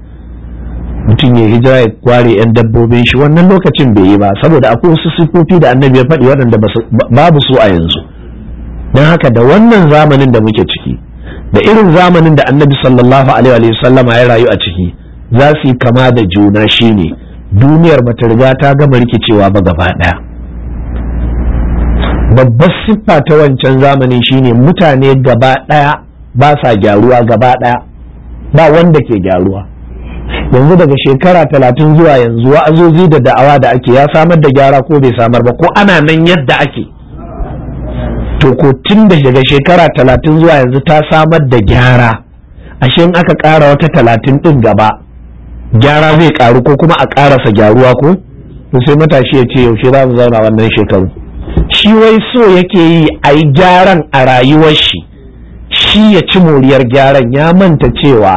mutum ya hijira ya kware yan dabbobin shi wannan lokacin bai yi ba saboda akwai wasu sifofi da annabi ya faɗi waɗanda babu su a yanzu don haka da wannan zamanin da muke ciki da irin zamanin da annabi sallallahu alaihi wa sallama ya rayu a ciki za su yi kama da juna shine duniyar bata riga ta gama rikicewa ba gaba ɗaya babbar siffa ta wancan zamani shine mutane gaba ɗaya ba sa gyaruwa gaba ɗaya ba wanda ke gyaruwa yanzu daga shekara talatin zuwa yanzu wa'azozi da da'awa da ake ya samar da gyara ko bai samar ba ko ana nan yadda ake to ko tun da daga shekara talatin zuwa yanzu ta samar da gyara ashe in aka kara wata talatin ɗin gaba gyara zai ƙaru ko kuma a karasa gyaruwa ko to sai matashi ya ce yaushe za mu zauna wannan shekaru shi wai so yake yi a yi gyaran a rayuwar shi shi ya ci moriyar gyaran ya manta cewa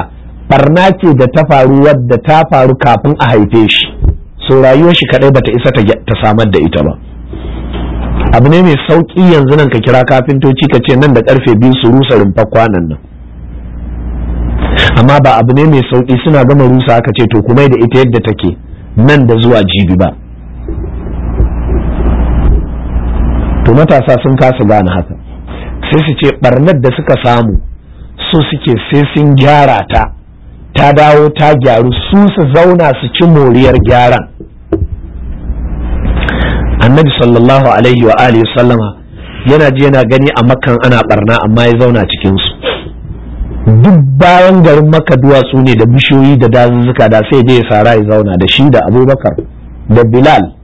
barna ce da ta faru wadda ta faru kafin a haife shi so rayuwar shi kadai bata isa ta samar da ita ba abu ne mai sauƙi yanzu nan ka kira kafintoci ka ce nan da karfe biyu su rusa rumfa kwanan nan amma ba abu ne mai sauƙi suna gama rusa aka ce to kuma da ita yadda take nan da zuwa jibi ba to matasa sun kasa gane haka sai su ce barnar da suka samu su suke sai sun gyara ta ta dawo ta gyaru su su zauna su ci moriyar gyaran annabi sallallahu alaihi wa alihi sallama yana ji yana gani a makan ana barna amma ya zauna cikinsu duk bayan garin maka duwatsu ne da bishiyoyi da dazuzzuka da sai dai sara ya zauna da shi da abubakar da bilal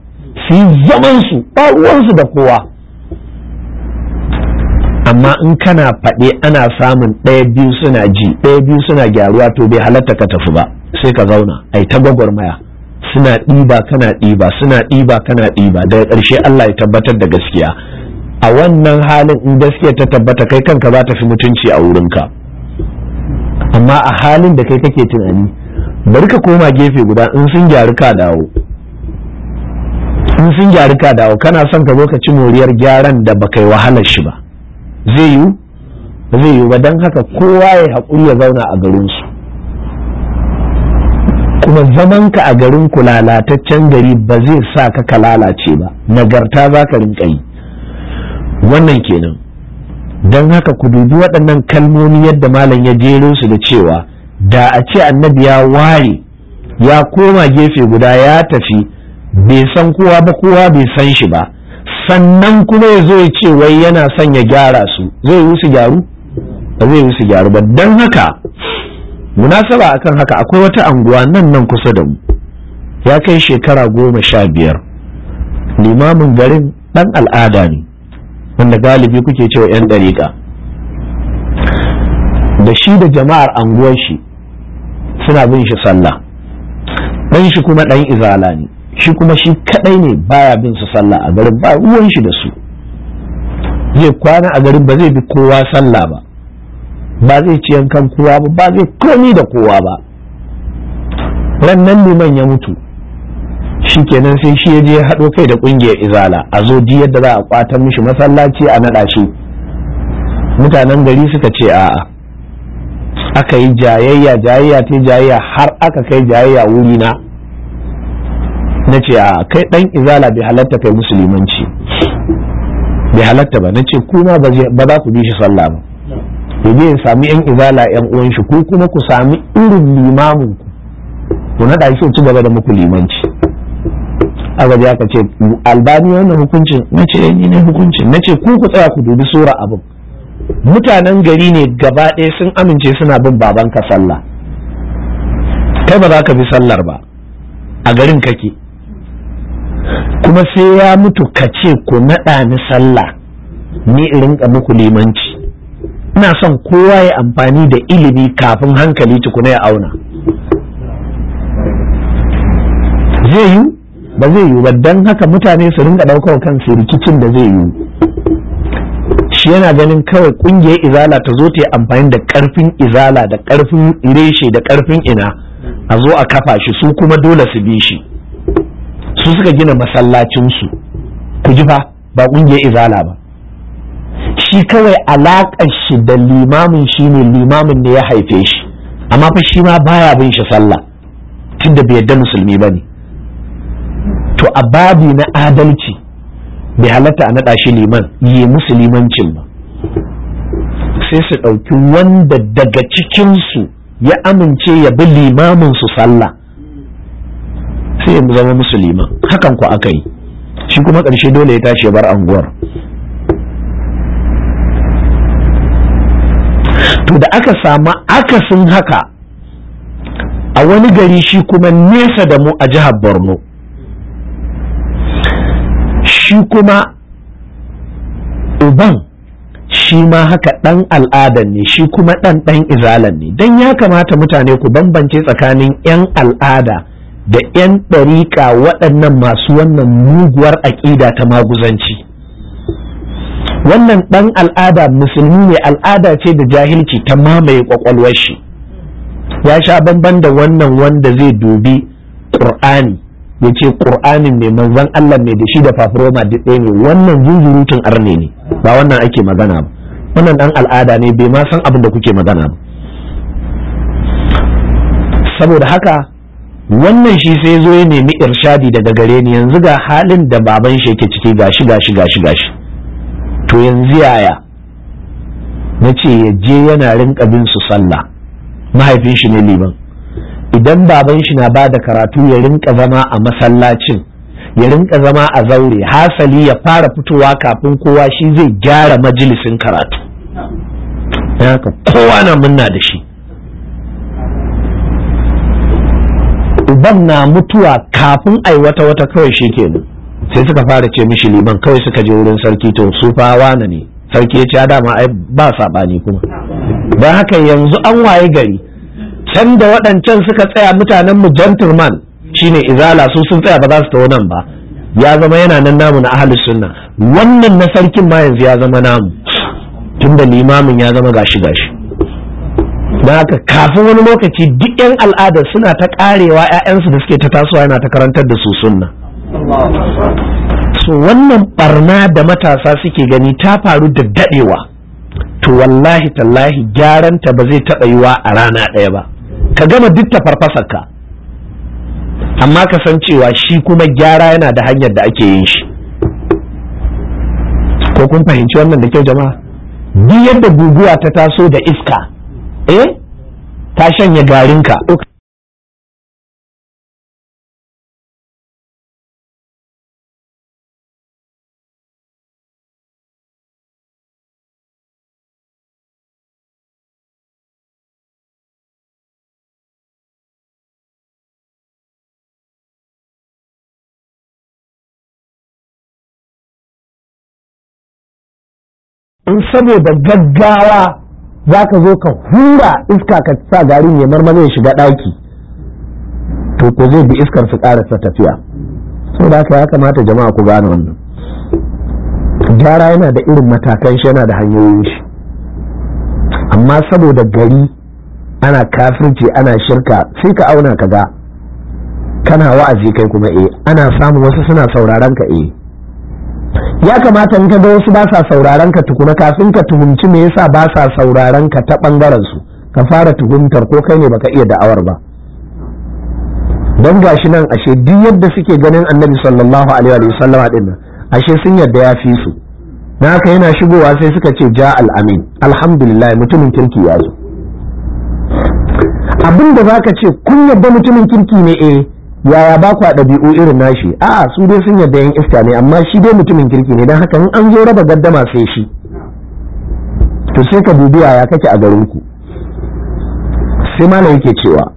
su yi zamansu ba da kowa amma in kana faɗe ana samun ɗaya biyu suna ji ɗaya biyu suna gyaruwa to bai halatta ka tafi ba sai ka zauna ai ta gwagwarmaya suna ɗiba kana ɗiba suna ɗiba kana ɗiba daga ƙarshe Allah ya tabbatar da gaskiya a wannan halin in gaskiya ta tabbata kai kanka ba ta fi mutunci a wurinka amma a halin da kai kake tunani bari ka koma gefe guda in sun gyaru ka dawo in sun gyaru ka dawo kana son ka zo ka ci moriyar gyaran da baka yi wahalar shi ba zai yiwu zai yiwu ba don haka kowa ya haƙuri ya zauna a garinsu kuma zaman ka a garin ku lalataccen gari ba zai sa ka ka lalace ba nagarta za ka rinka yi wannan kenan don haka ku dubi waɗannan kalmomi yadda malam ya jero su da cewa da a ce annabi ya ware ya koma gefe guda ya tafi bai san kowa ba kowa bai san shi ba sannan kuma ya zo ya ce wai yana son ya gyara su zai yi su gyaru ba zai yi su gyaru ba don haka munasaba akan haka akwai wata anguwa nan nan kusa da mu ya kai shekara goma sha biyar limamin garin ɗan al'ada ne wanda galibi kuke cewa 'yan dariƙa. da shi da jama'ar anguwar shi suna bin shi sallah ɗan shi kuma ɗan izala ne shi kuma shi kadai ne baya bin su sallah a garin ba ruwan shi da su zai kwana a garin ba zai bi kowa sallah ba ba zai ci yankan kowa ba ba zai komi da kowa ba ran nan man ya mutu shi kenan sai shi ya je haɗo kai da ƙungiyar izala a zo ji yadda za a kwatar mishi masallaci a naɗa shi mutanen gari suka ce a'a aka yi jayayya jayayya ta jayayya har aka kai jayayya wuri na na ce a kai dan izala bai halatta kai musulmanci bai halatta ba na ce kuma ba za ku bi shi sallah ba ku je ya sami yan izala yan uwan shi ku kuma ku sami irin limamin ku ku naɗa shi ci gaba da muku limanci aka ya aka ce albani wannan hukuncin na ce eh, ni ne hukuncin na ce ku ku tsaya ku dubi sura abin mutanen gari ne gaba ɗaya sun amince suna bin babanka sallah kai ba za ka bi sallar ba a garin kake kuma sai ya mutu ka ce ku naɗa ni sallah ni in rinka muku limanci ina son kowa ya amfani da ilimi kafin hankali tukuna ya auna zai yi ba zai yi ba don haka mutane su rinka ɗaukar kansu rikicin da zai yi shi yana ganin kawai ƙungiyar izala ta zo ta yi amfani da ƙarfin izala da ƙarfin reshe da ƙarfin ina a zo a kafa shi su kuma dole su bi shi su suka gina masallacinsu ku ji fa ba ƙungiyar izala ba shi kawai alaƙar shi da limamin shi ne limamin ne ya haife shi amma fa shi ma baya bin shi sallah tunda bai yarda musulmi ba ne to a babi na adalci bai halatta a naɗa shi liman yi musulmancin ba sai su ɗauki wanda daga cikinsu ya amince ya bi limamin su sallah sai yanzu zama musulma, hakan ku aka yi shi kuma ƙarshe dole ya tashi bar anguwar to da aka samu akasin haka a wani gari shi kuma nesa da mu a jihar borno shi kuma uban shi ma haka ɗan al'adan ne shi kuma ɗan ɗan izalan ne don ya kamata mutane ku bambance tsakanin 'yan al'ada da 'yan ɗariƙa waɗannan masu wannan muguwar aƙida ta maguzanci wannan ɗan al'ada musulmi ne al'ada ce da jahilci ta mamaye ƙwaƙwalwar shi ya sha bamban da wannan wanda zai dubi ƙur'ani ya ce ƙur'anin mai manzan Allah mai da shi da fafiroma da ɗaya ne wannan zuzurutun arne ne ba wannan ake magana ba wannan ɗan al'ada ne bai ma san abin da kuke magana ba saboda haka wannan shi sai zo ya nemi irshadi daga gare ni yanzu ga halin da baban shi yake ciki gashi gashi gashi gashi to yanzu yaya na ce ya je yana rinka bin su sallah mahaifin shi ne liman idan baban shi na bada karatu ya rinka zama a masallacin ya rinka zama a zaure hasali ya fara fitowa kafin kowa shi zai gyara majalisin karatu kowa na munna da shi uban na mutuwa kafin ai wata wata kawai shi kenan sai suka fara ce mishi liman kawai suka je wurin sarki to su fa wane ne sarki ya ce dama ai ba sabani kuma don haka yanzu an waye gari can da waɗancan suka tsaya mutanen mu gentleman shine izala su sun tsaya ba za su tawo nan ba ya zama yana nan namu na ahlus sunna wannan na sarkin ma yanzu ya zama namu tunda limamin ya zama gashi gashi don haka kafin wani lokaci duk 'yan al'ada suna ta karewa 'ya'yansu da suke ta tasowa yana ta karantar da su sunna so wannan ɓarna da matasa suke gani ta faru da dadewa to wallahi tallahi gyaranta ba zai taɓa yiwa a rana ɗaya ba ka gama duk ta ka, amma ka san cewa shi kuma gyara yana da hanyar da ake yin shi ko kun fahimci wannan da kyau jama'a duk yadda guguwa ta taso da iska eh ta shanye garinka in saboda gaggawa za ka zo ka hura iska ka sa garin ya marmari ya shiga ɗaki to ko zai bi iskar su sa tafiya sau da ya kamata jama'a ku gane wannan gyara yana da irin matakan shi yana da hanyoyin shi amma saboda gari ana kafirci ana shirka sai ka auna ka ga kana wa'azi kai kuma eh ana samun wasu suna sauraron ka eh ya kamata in ka ga wasu ba sa sauraron ka tukuna kafin ka tuhumci me yasa ba sa sauraron ka ta bangaren su ka fara tuhumtar ko kai ne baka iya da'awar ba don gashi nan ashe duk yadda suke ganin annabi sallallahu alaihi wa sallam din ashe sun yarda ya fi su na ka yana shigowa sai suka ce ja al-amin alhamdulillah mutumin kirki ya zo abin da zaka ce kun yadda mutumin kirki ne eh yaya ba kwa ɗabi'u irin nashi a'a su dai sun yadda yin iska ne amma shi dai mutumin kirki ne don haka in an zo raba gaddama sai shi to sai ka dubi yaya kake a garin ku. sai malam yake cewa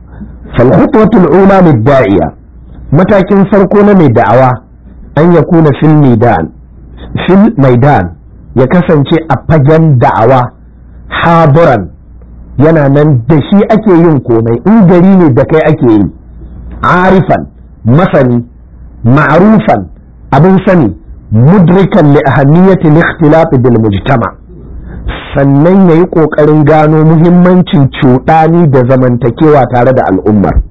fal khutwatul ula da'iya matakin farko na mai da'awa an yakuna fil fil maidan ya kasance a fagen da'awa haburan yana nan da shi ake yin komai in gari ne da kai ake yi arifan masani ma'rufan abin sani mudrikan li ahammiyati al-ikhtilaf bil mujtama sannan yayi kokarin gano muhimmancin cuɗani da zamantakewa tare da al'ummar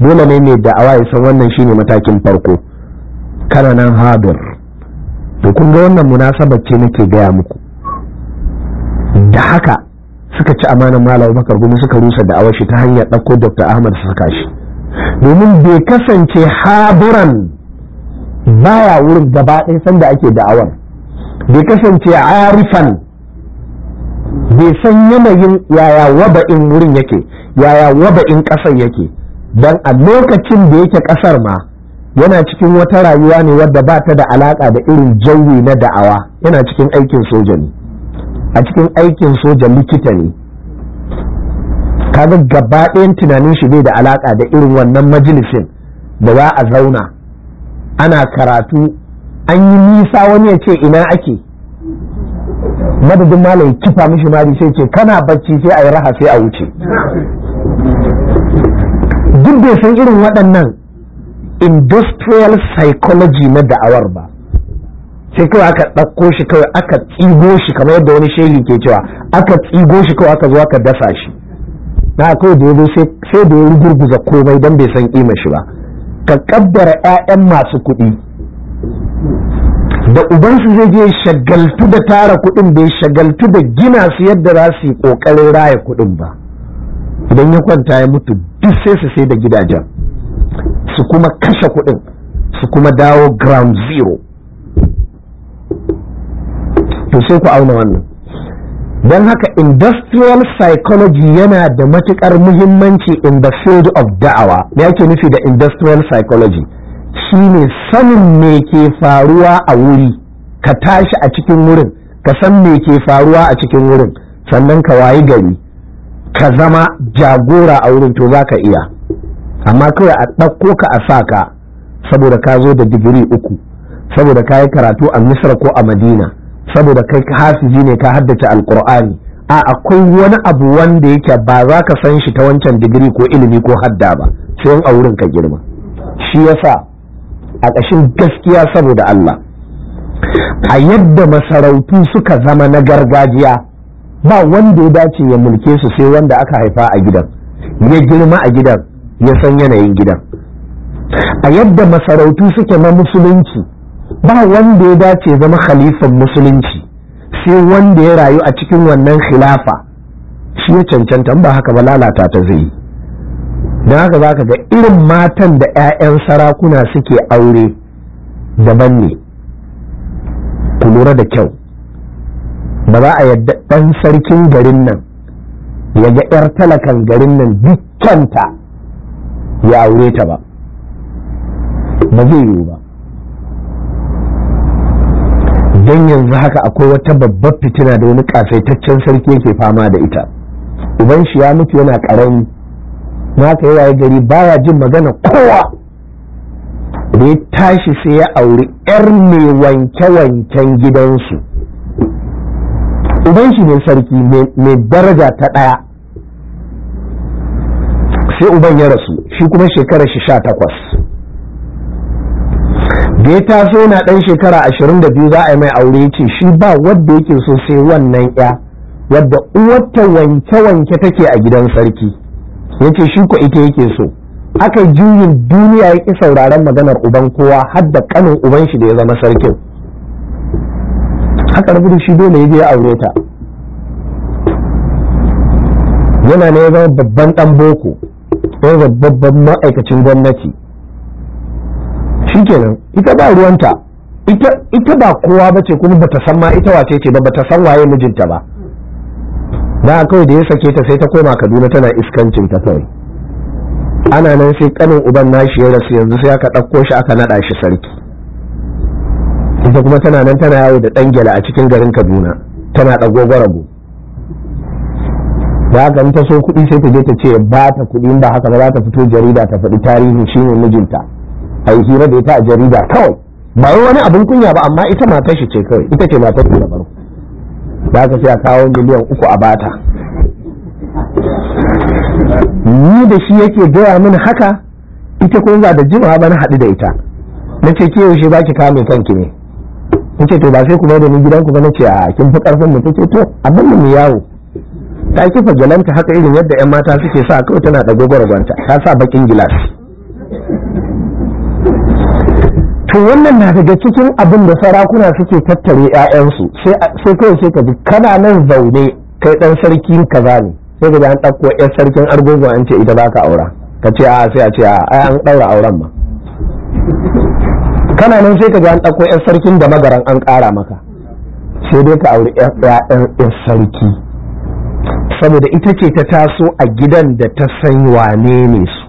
dole ne mai da'awa ya san wannan shine matakin farko kana nan hadir to kun ga wannan munasabar ce nake gaya muku da haka suka ci amanan malam bakar gumi suka rusa da'awar shi ta hanyar ɗauko dr ahmad su shi domin bai kasance haburan baya wurin gaba ɗaya sanda ake da'awar bai kasance arifan bai san yanayin yaya waba'in wurin yake yaya waba'in ƙasar yake don a lokacin da yake ƙasar ma yana cikin wata rayuwa ne wadda ba ta da alaƙa da irin jawi na da'awa yana cikin aikin soja ne a cikin aikin soja likita ne kaga gaba ɗayan tunanin shi bai da alaka da irin wannan majalisin da za a zauna ana karatu an yi nisa wani ya ce ina ake madadin malam kifa mishi mari sai ce kana bacci sai a yi raha sai a wuce duk bai san irin waɗannan industrial psychology na da'awar ba sai kawai aka ɗauko shi kawai aka tsigo shi kamar yadda wani shehi ke cewa aka tsigo shi kawai aka zo aka dasa shi na kawai da ya sai da ya gurguza komai don bai san kima shi ba ka kaddara 'ya'yan masu kuɗi da ubansu zai je shagaltu da tara kuɗin bai shagaltu da gina su yadda za su yi ƙoƙarin raya kuɗin ba idan ya kwanta ya mutu duk sai su sai da gidajen su kuma kashe kuɗin su kuma dawo ground zero to sai ku auna wannan don haka industrial psychology yana da matukar muhimmanci in the field of da'awa me ake nufi da industrial psychology Shi ne sanin me ke faruwa a wuri ka tashi a cikin wurin ka san me ke faruwa a cikin wurin sannan ka wayi gari ka zama jagora a wurin to za ka iya amma kawai a ɗauko ka a sa ka saboda ka zo da digiri uku saboda ka yi karatu a misra ko a madina saboda kai ka hafizi ne ka haddace alkur'ani a akwai wani abu wanda yake ba za ka san shi ta wancan digiri ko ilimi ko hadda ba sai in a ka girma shi yasa a ƙashin gaskiya saboda Allah a yadda masarautu suka zama na gargajiya ba wanda ya dace ya mulke su sai wanda aka haifa a gidan ya girma a gidan ya san yanayin gidan a yadda masarautu suke na musulunci ba wanda ya dace zama khalifan musulunci sai wanda ya rayu a cikin wannan khilafa shi ya cancanta ba haka ba lalata ta zai yi don haka za ka ga irin matan da 'ya'yan sarakuna suke aure daban ne ku lura da kyau ba za a yadda ɗan sarkin garin nan ya ga 'yar talakan garin nan dukkanta ya aure ta ba ba zai yiwu ba don yanzu haka akwai wata babbar fitina da wani kasaitaccen sarki yake fama da ita uban shi ya mutu yana karami na ka yawa gari baya jin magana kowa da ya tashi sai ya auri yar mai wanke-wanken gidansu uban shi ne sarki mai daraja ta ɗaya sai uban ya rasu shi kuma shekarar shi sha takwas da ya taso yana ɗan shekara ashirin da biyu za a yi mai aure ce shi ba wadda yake so sai wannan ya wadda uwarta wanke-wanke take a gidan sarki ya ce shi ko ita yake so aka juyin duniya ya ƙi sauraron maganar uban kowa har da kanin uban shi da ya zama sarkin haka rabu shi dole ya je ya aure ta yana ne ya zama babban ɗan boko ya babban ma'aikacin gwamnati shikenan ita ba ruwanta ita ba kowa bace kuma bata san ma ita wace ce ba bata san waye mijinta ba da kawai da ya sake ta sai ta koma Kaduna tana iskancin ta kawai ana nan sai kanin uban nashi ya rasu yanzu sai aka ɗauko shi aka naɗa shi sarki ita kuma tana nan tana yawo da ɗan gyala a cikin garin Kaduna tana ɗago gwarago da gani ta so kuɗi sai ta je ta ce ba ta kuɗi ba haka ba za ta fito jarida ta faɗi tarihin shi ne mijinta a hira da ita a jarida kawai ba wani abin kunya ba amma ita matar shi ce kawai ita ce matar shi da baro ba ka sai a kawo miliyan uku a bata ni da shi yake gaya min haka ita kun za da jimawa ba na haɗu da ita na ce ke yaushe ba ki kame kanki ne na ce to ba sai ku mai da ni gidanku ba na ce a kin fi ƙarfin ce to abin mu yawo ta kifa galanta haka irin yadda 'yan mata suke sa kawai tana da gwanta, ta sa bakin gilas to wannan na daga cikin abin da sarakuna suke tattare 'ya'yansu sai kawai sai ka ji kana nan zaune kai dan sarki kaza ne sai ka ji an ɗauko 'yar sarkin argungun an ce ita za ka aura ka ce a sai a ce a ai an ɗaura auren ma kana nan sai ka ji an ɗauko 'yar sarkin da magaran an ƙara maka sai dai ka auri 'ya'yan sarki saboda ita ce ta taso a gidan da ta san wane ne su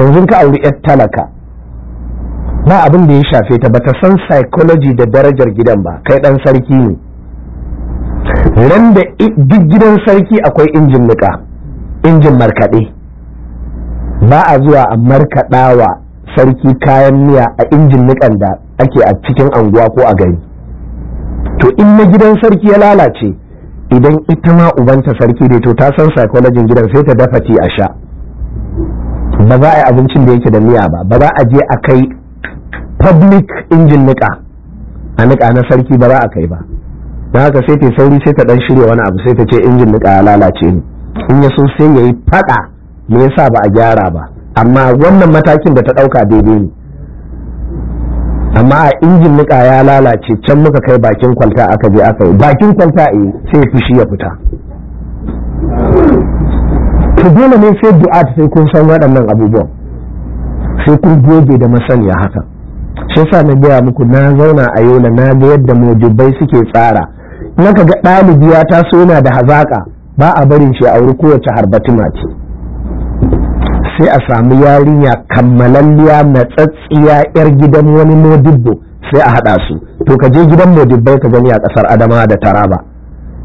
yanzu ka auri 'yar talaka ba abin da ya shafe ta bata san psychology da darajar gidan ba kai dan sarki ne ran da duk gidan sarki akwai injin nika injin markaɗe ba a zuwa a markaɗawa sarki kayan miya a injin nikan da ake a cikin anguwa ko a gari to in na gidan sarki ya lalace idan ita ma ubanta sarki dai to ta san psychology gidan sai ta dafa ti a sha ba za a yi abincin da yake da miya ba ba za a je a kai public injin niƙa a niƙa na sarki ba za a kai ba na haka sai ta sauri sai ta dan shirya wani abu sai ta ce injin niƙa ya lalace ni in ya so sai ya yi faɗa me yasa ba a gyara ba amma wannan matakin da ta ɗauka daidai ne amma a injin niƙa ya lalace can muka kai bakin kwalta aka je aka yi bakin kwalta yi eh, sai fushi ya fita to dole ne sai du'a sai kun san waɗannan abubuwan sai kun goge da masaniya haka shi yasa na gaya muku na zauna a yola na ga yadda mujibai suke tsara ka ga ɗalibi ya taso yana da hazaƙa ba a barin shi a auri kowace harbatima ce sai a samu yarinya kammalalliya matsattsiya yar gidan wani modibbo sai a haɗa su to ka je gidan modibbai ka gani a ƙasar adama da taraba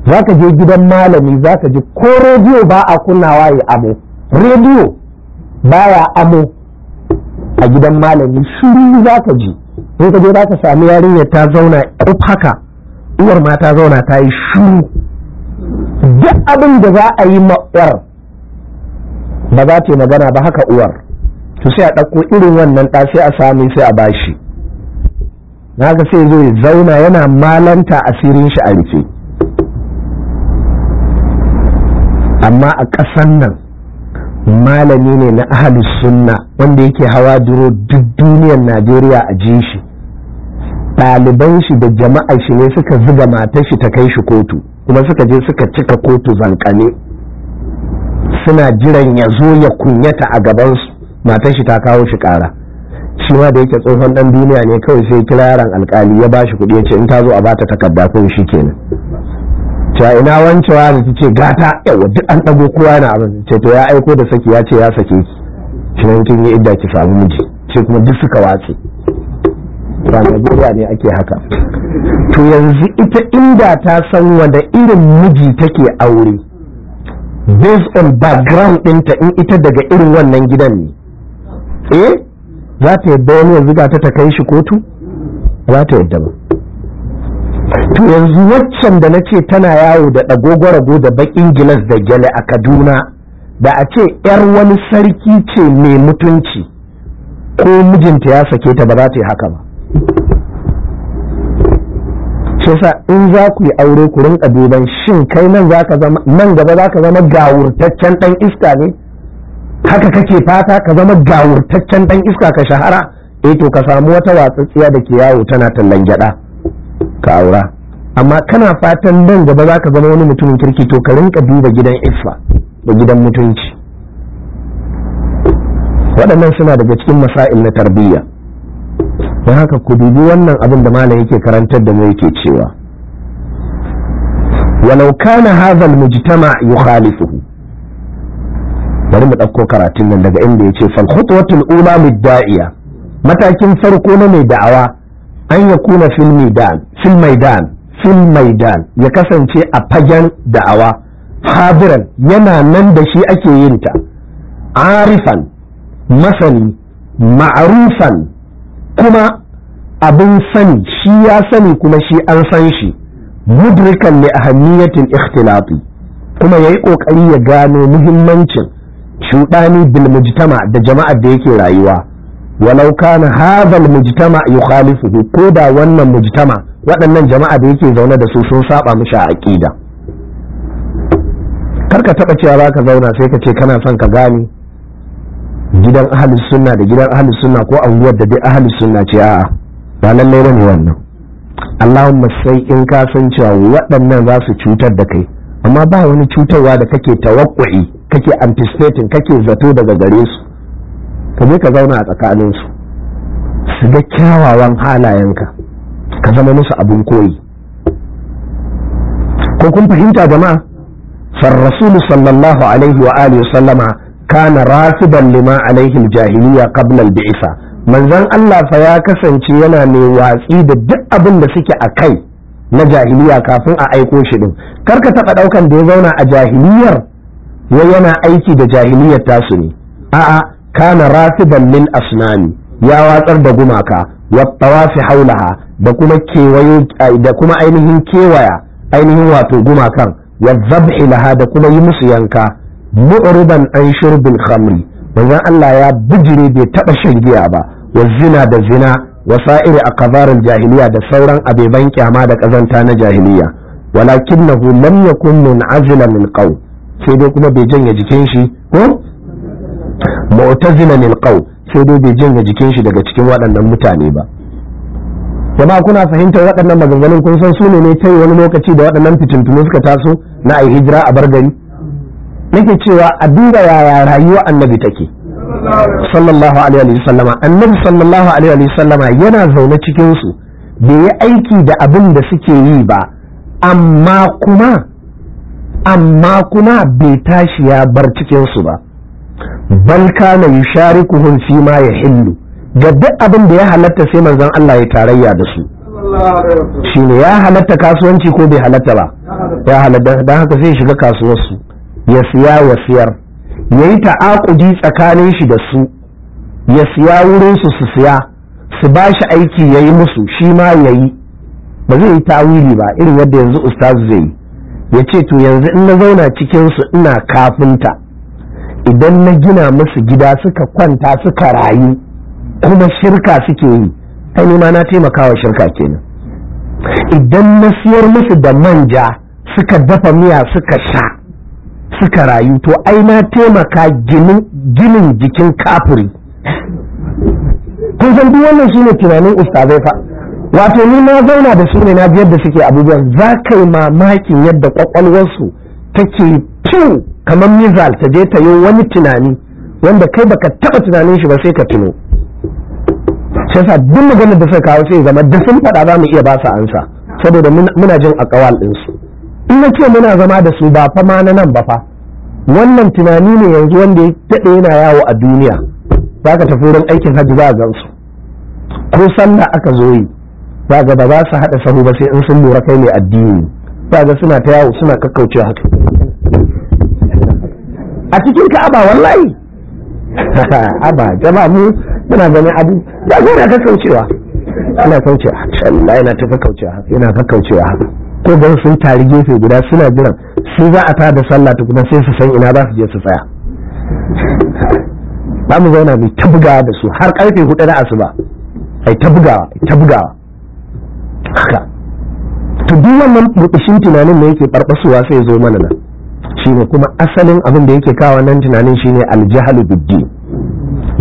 za ka je gidan malami za ka ji ko rediyo ba a kunnawa ya amo rediyo baya amo a gidan malami shiru za ka ji in ka je za ka sami yarinyar ta zauna ɗan haka uwar ma ta zauna ta yi shiru duk abin da za a yi ma'uwar ba za ta yi magana ba haka uwar to sai a ɗauko irin wannan ɗa a sami sai a bashi na ga sai zai zauna yana malanta asirin shi a rike amma a ƙasan nan malami ne na ahalus sunna wanda yake hawa duro duk duniyar najeriya a ji shi ɗaliban shi da jama'ar shi ne suka zuga mata shi ta kai shi kotu kuma suka je suka cika kotu zankane suna jiran ya zo ya kunyata a gabansu mata shi ta kawo shi ƙara shi ma da yake tsohon ɗan duniya ne kawai sai kira yaran alkali ya ba shi kuɗi ya ce in ta zo a bata takarda kun shi kenan ta ina wancewa da ta ce gata yawa duk an ɗago kowa na abin ce to ya aiko da saki ya ce ya sake ki shi nan kin yi idda ki samu miji ce kuma duk suka watse ba Najeriya ne ake haka to yanzu ita inda ta san wanda irin miji take aure based on background ɗinta in ita daga irin wannan gidan ne eh za ta yadda wani yanzu gata ta ta kai shi kotu za ta yadda ba to yanzu waccan da nace tana yawo da ɗagogo-rago da baƙin gilas da gyale a kaduna da a ce 'yar wani sarki ce mai mutunci ko mijinta ya sake ta ba za ta yi haka ba shi in za ku yi aure ku rinka duban shin kai nan gaba za ka zama gawurtaccen ɗan iska ne haka kake fata ka zama gawurtaccen ɗan iska ka shahara eh to ka samu wata watsatsiya da ke yawo tana tallan gyaɗa ka aura amma kana fatan dan gaba za ka zama wani mutumin kirki to ka rinka duba gidan iffa da gidan mutunci waɗannan suna daga cikin masa'il na tarbiyya don haka ku dubi wannan abin da malam yake karantar da mu yake cewa walau kana hadha almujtama yukhalifuhu bari mu ɗauko karatun nan daga inda yace fal khutwatul ula da'iya. matakin farko na mai da'awa an ya kuna fil maidan fil maidan ya kasance a fagen da'awa hadiran yana nan da shi ake yin ta arifan masani ma'arufan kuma abin sani shi ya sani kuma shi an san shi mudrikan li ahammiyatin ikhtilati kuma yayi kokari ya gano muhimmancin cuɗani bil da jama'ar da yake rayuwa walau kana Mujtama almujtama yukhalifuhu ko da wannan mujtama waɗannan jama'a da yake zaune da su sun saba mishi a aqida karka taba cewa zaka zauna sai ka ce kana son ka gane gidan ahlus sunna da gidan ahlus sunna ko anguwar da dai ahlus sunna ce a'a ba lallai bane wannan Allahumma sai in ka san cewa waɗannan za su cutar da kai amma ba wani cutarwa da kake tawakku'i kake anticipating kake zato daga gare su ka je ka zauna a tsakaninsu su ga kyawawan halayenka ka zama musu abin koyi ko kun fahimta jama'a far rasulu sallallahu kana rasiban lima alaihi aljahiliya qabla al-bi'sa manzon Allah fa ya kasance yana ne watsi da duk abin da suke a kai na jahiliya kafin a aiko shi ɗin. Kar ka taɓa ɗaukan da ya zauna a jahiliyar wai yana aiki da jahiliyar tasu ne a'a kana rafidan lil asnani ya watsar da gumaka wa haulaha da kuma kewayo da kuma ainihin kewaya ainihin wato gumakan wa zabhi laha da kuma yi musu yanka mu'riban an shurbil khamri manzon Allah ya bijire bai taba shan giya ba wa zina da zina wa sa'iri al jahiliya da sauran abeban kyama da kazanta na jahiliya walakinahu lam yakun min azla min qaw sai dai kuma bai janye jikin shi ko mu'tazilan alqaw sai dai bai jinga jikin shi daga cikin waɗannan mutane ba jama'a kuna fahimtar waɗannan maganganun kun san su ne ne ta wani lokaci da waɗannan fitintunu suka taso na ai hijira a bar gari nake cewa a dinga yaya rayuwa annabi take sallallahu alaihi wa sallama annabi sallallahu alaihi wa sallama yana zaune cikin su bai yi aiki da abin da suke yi ba amma kuma amma kuma bai tashi ya bar cikin su ba bal kana yusharikuhum fi ma yahillu ga duk abin da ya halatta sai manzon Allah ya tarayya da su shine ya halatta kasuwanci ko bai halatta ba ya halatta dan haka sai shiga kasuwar su ya siya ya siyar yayi ta'aqudi tsakanin shi da su ya siya wurin su su siya su ba shi aiki yayi musu shi ma yayi ba zai yi tawili ba irin yadda yanzu ustaz zai yi ya ce to yanzu in na zauna cikin su ina kafinta idan na gina musu gida suka kwanta suka rayu kuma shirka suke yi ai ma na taimaka wa shirka kenan idan na siyar musu da manja suka dafa miya suka sha suka rayu to ai na taimaka ginin jikin kafiri kun san duk wannan shine tunanin ustazai fa wato ni na zauna da su ne na biyar da suke abubuwan za ka yi mamakin yadda kwakwalwarsu take kyau kamar mizal ta je ta yi wani tunani wanda kai baka taba tunanin shi ba sai ka tuno shi sa duk maganar da suka kawo sai zama da sun faɗa za mu iya ba su ansa saboda muna jin akawal din su in na ce muna zama da su ba fa ma na nan ba fa wannan tunani ne yanzu wanda ya daɗe yana yawo a duniya za ka tafi wurin aikin hajji za a gan su ko sallah aka zo yi za ga ba za su haɗa sahu ba sai in sun lura kai ne addini za ga suna ta yawo suna kakkauce haka a cikin ka'aba wallahi [laughs] aba jama'a mu muna ganin abu ya zo na kaucewa ina kaucewa Allah yana ta kaucewa yana ta kaucewa ko ban sun tari gefe guda suna jiran su za a ta da sallah tukuna sai su san ina za su je su tsaya ba [laughs] mu zauna mai ta da su har karfe hudu na asuba ai ta bugawa haka to duk wannan mutushin tunanin ne yake farfasuwa sai zo mana nan shine kuma asalin abin da yake kawo nan tunanin shine aljahalu biddi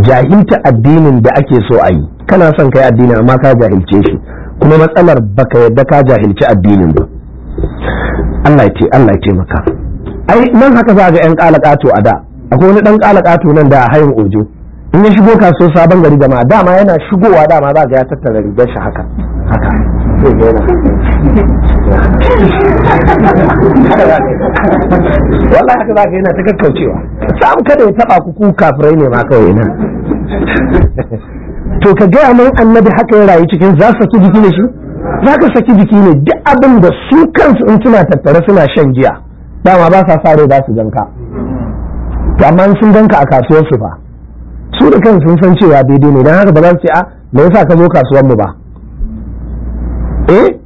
jahilta addinin da ake so a yi kana son kai addini, amma ka jahilce shi kuma matsalar baka yadda ka jahilci addinin ba Allah ce Allah ce maka ai nan haka za ga yan kalakato a da akwai wani dan kalakato nan da a hayin ojo in ya shigo kasuwar sabon gari da ma dama yana shigowa dama za ga ya tattara rigar shi haka haka wallahi haka zaka yana ta kakkaucewa sam kada ya taba ku ku kafirai ne ma kawai nan to ka gaya mun annabi haka ya rayu cikin za su jiki ne shi za ka saki jiki ne duk abin da su kansu in suna tattare suna shan giya dama ba sa sare za su ganka to amma sun ganka a kasuwar su fa su da kansu sun san cewa daidai ne dan haka ba za su ce a ah, me yasa ka zo kasuwar mu ba eh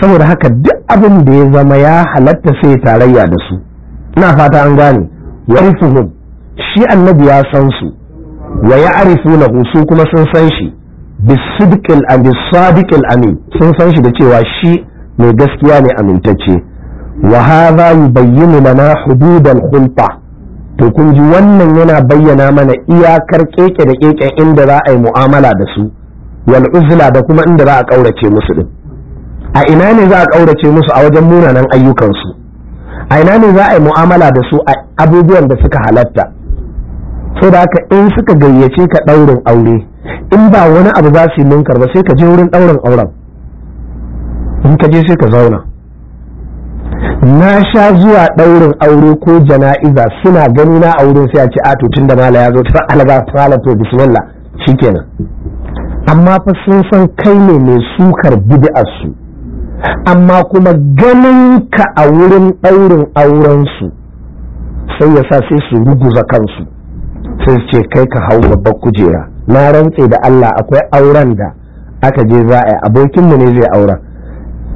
saboda haka duk abin da ya zama ya halatta sai tarayya da su ina fata an gane yarfuhum shi annabi ya san su wa ya na su kuma sun san shi bisidqil an bisadiqil amin sun san shi da cewa shi mai gaskiya ne amintacce wa yi bayyana mana hududan khulta to kun ji wannan yana bayyana mana iyakar keke da keken inda za a yi mu'amala da su wal uzla da kuma inda za a kaurace musu din a ina ne za a kaurace musu a wajen munanan ayyukansu a ina ne za a yi mu'amala da su a abubuwan da suka halatta so da haka in suka gayyace ka ɗaurin aure in ba wani abu za su yi munkar ba sai ka je wurin ɗaurin auren in ka je sai ka zauna na sha zuwa ɗaurin aure ko jana'iza suna gani na a wurin sai a ce a tun da mala ya zo ta alaga ta to bismillah shikenan amma fa sun san kai ne mai sukar su amma kuma ganin ka a wurin ɗaurin aurensu sai ya sa sai su ruguza kansu sai ce kai ka hau babbar kujera na rantse da Allah akwai auren da aka je za a yi abokinmu ne zai aura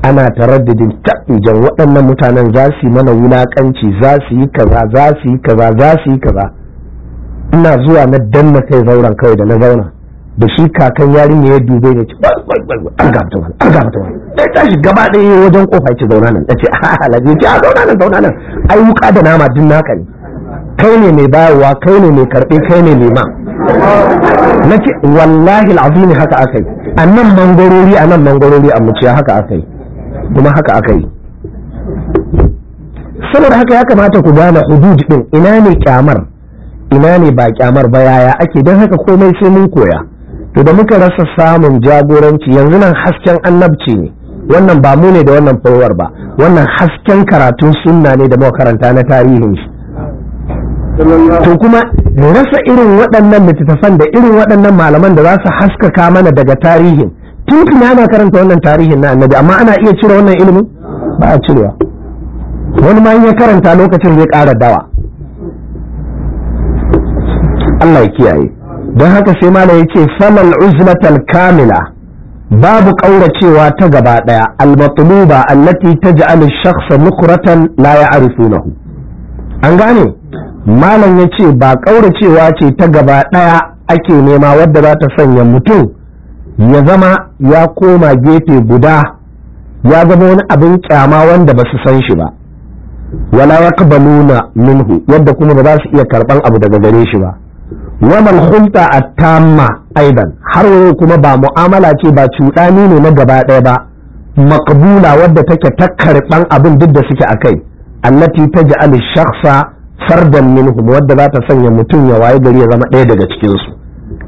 ana taraddadin taɓijan waɗannan mutanen za su yi mana wulaƙanci za su yi kaza za su yi kaza za su yi kaza ina zuwa na danna kai zauren kawai da na zauna da shi kakan yarinya ya dube ne ce an gabata wani an gabata wani ya tashi gaba ɗaya wajen kofa ya ce zauna nan ya ce ah, alhaji ya ce a ah, zauna nan zauna nan ai wuka da nama din naka ne kai ne mai bayarwa kai ne mai karɓe kai ne mai ma na ce wallahi al'azim haka aka yi a nan mangorori a nan mangorori a muciya haka aka yi kuma haka aka yi saboda haka ya kamata ku gane hudud din ina ne kyamar ina ne ba kyamar ba yaya ake don haka komai sai mun koya to da muka rasa samun jagoranci yanzu nan hasken annabci ne wannan ba mu ne da wannan furwar ba wannan hasken karatun sunna ne da muka karanta na tarihin shi to kuma rasa irin waɗannan littattafan da irin waɗannan malaman da za su haskaka mana daga tarihin tun kuma ana karanta wannan tarihin na annabi amma ana iya cire wannan ilimin ba a cirewa wani ma ya karanta lokacin zai ƙara dawa Allah ya kiyaye don haka sai malam ce, falal uzlatal kamila babu ƙauracewa ta gaba ɗaya almatluba allati taj'alu ash-shakhsa nukratan la ya'rifunahu an gane malam ce ba ƙauracewa ce ta gaba ɗaya ake nema wadda za ta sanya mutum ya zama ya koma gefe guda ya zama wani abin kyama wanda ba su san shi ba wala yaqbaluna minhu yadda kuma ba za su iya karban abu daga gare shi ba wamal hulta at-tamma aidan har wani kuma ba mu'amala ce ba cuɗani ne na gaba ɗaya ba maqbula wadda take ta karɓan abin duk da suke a akai allati taj'alu shakhsa fardan minhum wadda za ta sanya mutum ya waye gari ya zama ɗaya daga cikin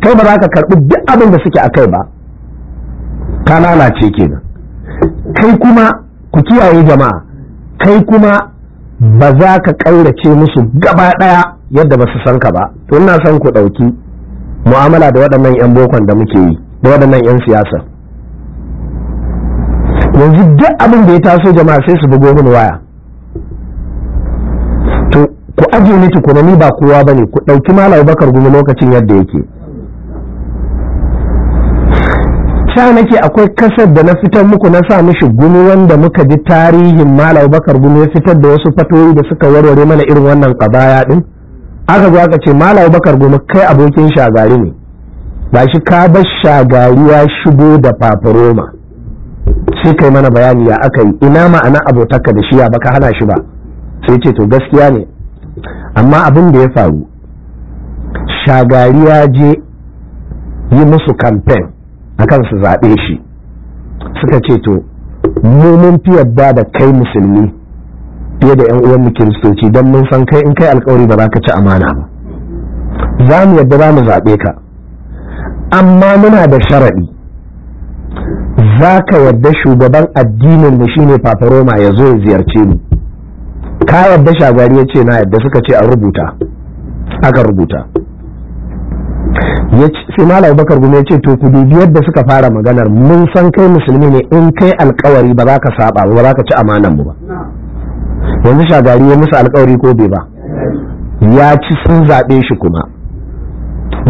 kai ba za ka karɓi duk abin da suke akai ba ka lalace kenan kai kuma ku kiyaye jama'a kai kuma ba za ka ƙaurace musu gaba ɗaya yadda ba su san ka ba to ina son ku ɗauki mu'amala da waɗannan 'yan bokon da muke yi da waɗannan 'yan siyasa yanzu duk abin da ya taso jama'a sai su bugo min waya to ku aje ni tukuna ni ba kowa ne ku ɗauki malam bakar gumi lokacin yadda yake sha nake akwai kasar da na fitar muku na sa mishi gumi wanda muka ji tarihin malam bakar gumi ya fitar da wasu fatoyi da suka warware mana irin wannan kabaya din aka zo aka ce mala bakar goma kai abokin shagari ne ba shi ka bar shagari shigo da fafaroma sai kai mana bayani ya aka yi ina ma'ana abotarka da shi ya baka hana shi ba sai ce to gaskiya ne amma abin da ya faru shagari ya je yi musu kamfen akan su zaɓe shi suka ce to mu mun fi yadda da kai musulmi fiye da yan uwanmu kiristoci don mun san kai in kai alkawari ba za ka ci amana ba za mu yadda za mu zaɓe ka amma muna da sharaɗi za ka yadda shugaban addinin mu shine papa roma ya zo ya ziyarce mu ka yadda shagari ya ce na yadda suka ce a rubuta aka rubuta sai malam bakar gume ce to ku dubi yadda suka fara maganar mun san kai musulmi ne in kai alkawari ba za ka saba ba za ka ci amanan mu ba yanzu shagari ya musu alkawari ko bai ba ya ci sun zaɓe shi kuma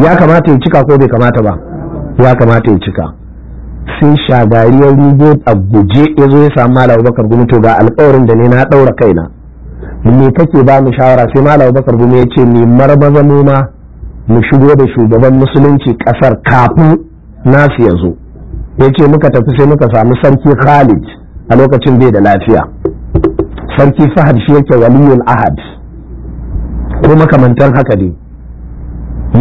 ya kamata ya cika ko bai kamata ba ya kamata ya cika sai shagari ya rigo a guje ya zo ya samu malam bakar gumi to ga alkawarin da ne na ɗaura kaina me kake ba mu shawara sai malam bakar gumi ya ce ni marmaza mu ma mu shigo da shugaban musulunci ƙasar kafin nasu ya zo ya ce muka tafi sai muka samu sarki khalid a lokacin bai da lafiya Farki fahad shi yake waliyul ahad ko makamantar haka dai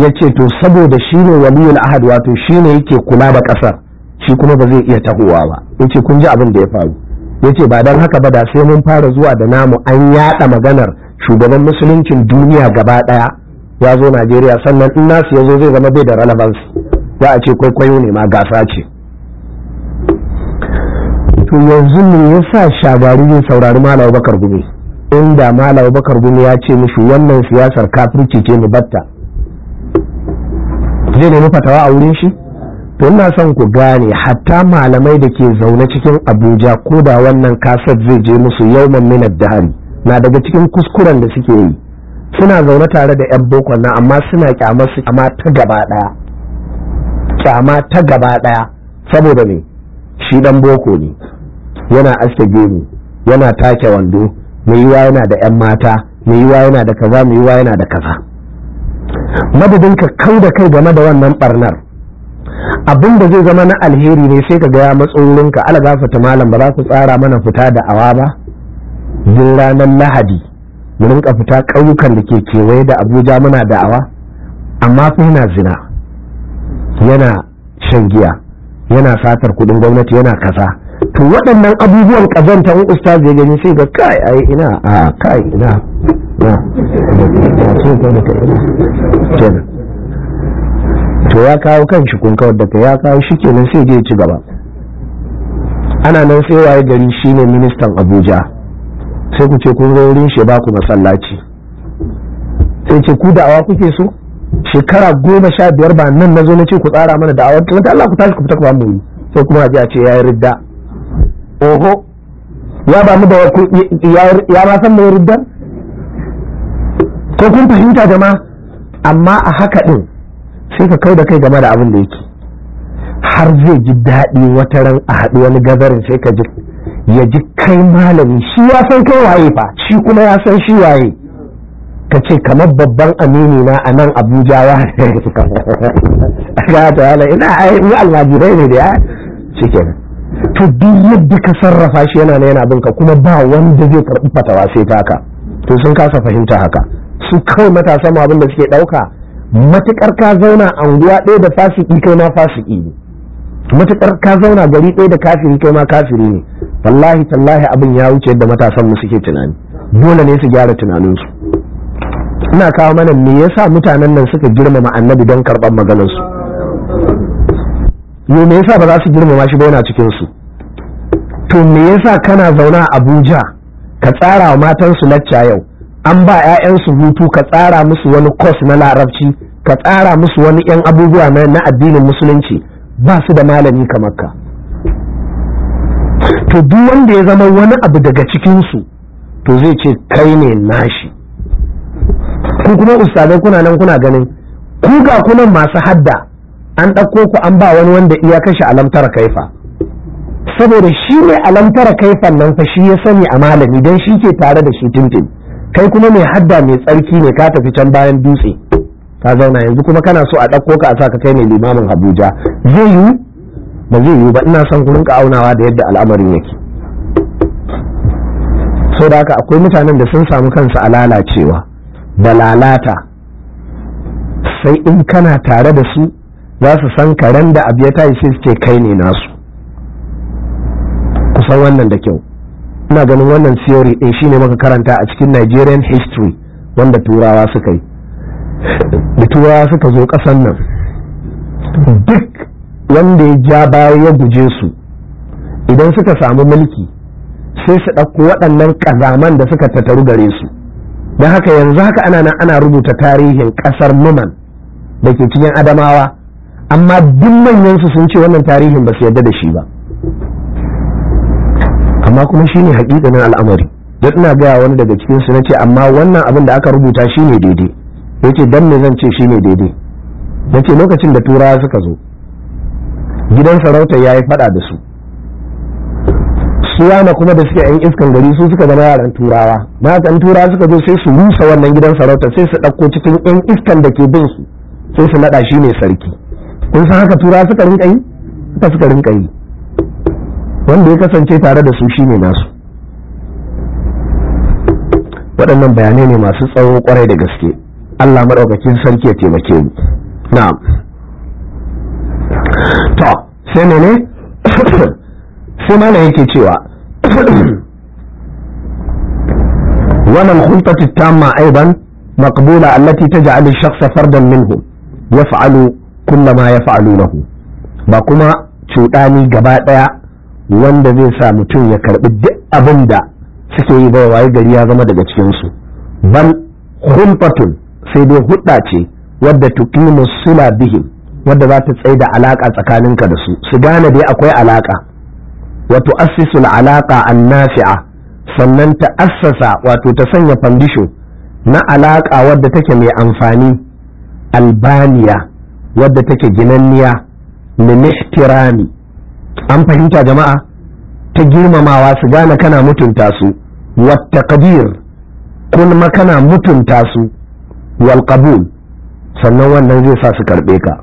ya ce to saboda shi ne waliyul ahad wato shi ne yake kula da ƙasar shi kuma ba zai iya tahowa ba ya ce kun ji abin da ya faru ya ce ba don haka ba da sai mun fara zuwa da namu an yaɗa maganar shugaban musuluncin duniya gaba ɗaya ya zo najeriya sannan in nasu ya zo zai zama bai da relevance za a ce kwaikwayo ne ma gasa ce to yanzu ne ya sa shabaru zai saurari malam bakar gumi inda malam bakar gumi ya ce mishi wannan siyasar kafirci ce mu batta zai nemi fatawa a wurin shi to ina son ku gane hatta malamai da ke zaune cikin abuja ko da wannan kaset zai je musu yauman da hari na daga cikin kuskuren da suke yi suna zaune tare da 'yan bokon nan amma suna kyamar su kyama ta gaba daya saboda ne shi dan boko ne yana aske gemu yana take wando mai yana da 'yan mata mai yana da kaza mai yana da kaza madadin ka kau da kai game da wannan barnar abin da zai zama na alheri ne sai ka gaya matsorin ka ala ta malam ba za ku tsara mana fita da awa ba din ranar lahadi mu rinka fita ƙauyukan da ke kewaye da abuja muna da'awa amma fi yana zina yana shan giya yana satar kudin gwamnati yana kasa to waɗannan abubuwan kazanta in ustaz ya gani sai ga kai ai ina a kai ina na to ya kawo kan shi kun kawar da kai ya kawo shi kenan sai je ci gaba ana nan sai waye gari shine ministan Abuja sai ku ce kun zo wurin shi ba ku masallaci sai ce ku da awa kuke so shekara goma sha biyar ba nan na zo na ce ku tsara mana awon wata Allah ku tashi ku fita ku mu yi sai kuma a ce ya yi ridda oho ya ba mu da ya ba san mai riddar ko kun fahimta jama'a amma a haka ɗin sai ka kai da kai game da abin da yake har zai ji daɗi wata ran a haɗu wani gazarin sai ka ji ya ji kai malami shi ya san kai waye fa shi kuma ya san shi waye ka ce kamar babban amini na a nan abuja wa ga ta ina ai yi almajirai ne da ya cikin to duk yadda ka sarrafa shi yana na yana abinka kuma ba wanda zai karɓi fatawa sai ta haka to sun kasa fahimta haka su kawai matasa ma abin da suke ɗauka matuƙar ka zauna unguwa ɗaya da fasiki kai ma fasiki ne matuƙar ka zauna gari ɗaya da kafiri kai ma kafiri ne wallahi tallahi abin ya wuce yadda matasan mu suke tunani dole ne su gyara tunaninsu ina kawo mana me yasa mutanen nan suka girmama annabi don karɓar maganarsu yo me yasa ba za su girmama shi ba yana cikinsu. su to me yasa kana zauna a Abuja ka tsara wa matan lacca yau an ba 'ya'yansu hutu ka tsara musu wani kos na larabci ka tsara musu wani 'yan abubuwa na addinin musulunci ba su da malami kamar ka to duk wanda ya zama wani abu daga cikinsu to zai ce kai ne nashi ku kuma ustazai kuna nan kuna ganin ku ga kunan masu hadda an ɗauko ku an ba wani wanda iya kashe alamtara kaifa saboda shi ne alamtar kaifan nan fa shi ya sani a malami don shi ke tare da shi tintin kai kuma mai hadda mai tsarki ne ka tafi can bayan dutse ka zauna yanzu kuma kana so a ɗauko ka a sa ka kai ne limamin abuja zai yiwu ba zai yiwu ba ina son ku rinka aunawa da yadda al'amarin yake so da haka akwai mutanen da sun samu kansu a lalacewa da lalata sai in kana tare da su za su san karen da abu ya sai su kai ne nasu kusan wannan da kyau ina ganin wannan theory ɗin shine maka karanta a cikin Nigerian history wanda turawa suka yi da turawa suka zo ƙasan nan duk wanda ya ja baya ya guje su idan suka samu mulki sai su ɗauko waɗannan ƙazaman da suka tattaru gare su don haka yanzu haka ana nan ana rubuta tarihin kasar numan da ke cikin adamawa amma duk manyansu sun ce wannan tarihin ba su yarda da shi ba amma kuma shi ne hakikanin al'amari da ina gaya wani daga cikin su ce, amma wannan abin da aka rubuta shi ne daidai Ya ce dan me zan ce shi ne daidai ce lokacin da turawa suka zo gidan sarauta ya yi fada da su suwana kuma da suke yan iskan gari su suka zama yaran turawa na haka in turawa suka zo sai su rusa wannan gidan sarauta sai su ɗauko cikin yan iskan da ke bin su sai su naɗa shi ne sarki kun san haka turawa suka rinka yi ta suka rinka yi wanda ya kasance tare da su shine nasu waɗannan bayanai ne masu tsawo kwarai da gaske Allah maɗaukakin sarki ya taimake mu na'am to sai ne [coughs] sai mana yake cewa wannan ta tamma aiban maqbula allati taj'alu ash shakhs fardan minhum yaf'alu ya yaf'alu lahu ba kuma cuɗani gaba ɗaya wanda zai sa mutum ya karɓi duk abin da suke yi bai waye gari ya zama daga cikinsu bal hulfatun sai dai hudda ce wadda tuqimu sula bihim wadda za ta tsaye alaka tsakaninka da su su gane dai akwai alaka Wato Assisul alaƙa alaqa an-nafi'a sannan ta assasa wato ta sanya fandisho na alaƙa wadda take mai amfani albaniya wadda take ginanniya lilihtirami an fahimta jama'a ta girmamawa su gane kana mutunta su wata kadir kulma kana mutunta su wal qabul sannan wannan zai sa su karɓe ka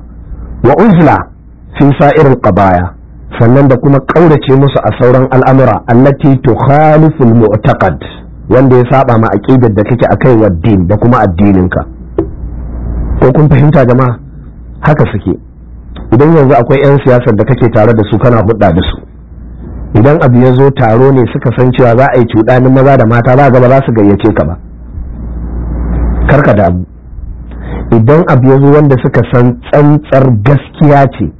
wa uzla fi sa'irin qabaya sannan da kuma ƙaurace musu a sauran al'amura allati tukhaliful mu'taqad wanda ya saba ma aqidar da kake akai wa da kuma addininka ko kun fahimta jama'a haka suke idan yanzu akwai 'yan siyasar da kake tare da su kana hudda da su idan abu ya zo taro ne suka san cewa za a yi cuɗanin maza da mata ba gaba za su gayyace ka ba karka damu idan abu ya zo wanda suka san tsantsar gaskiya ce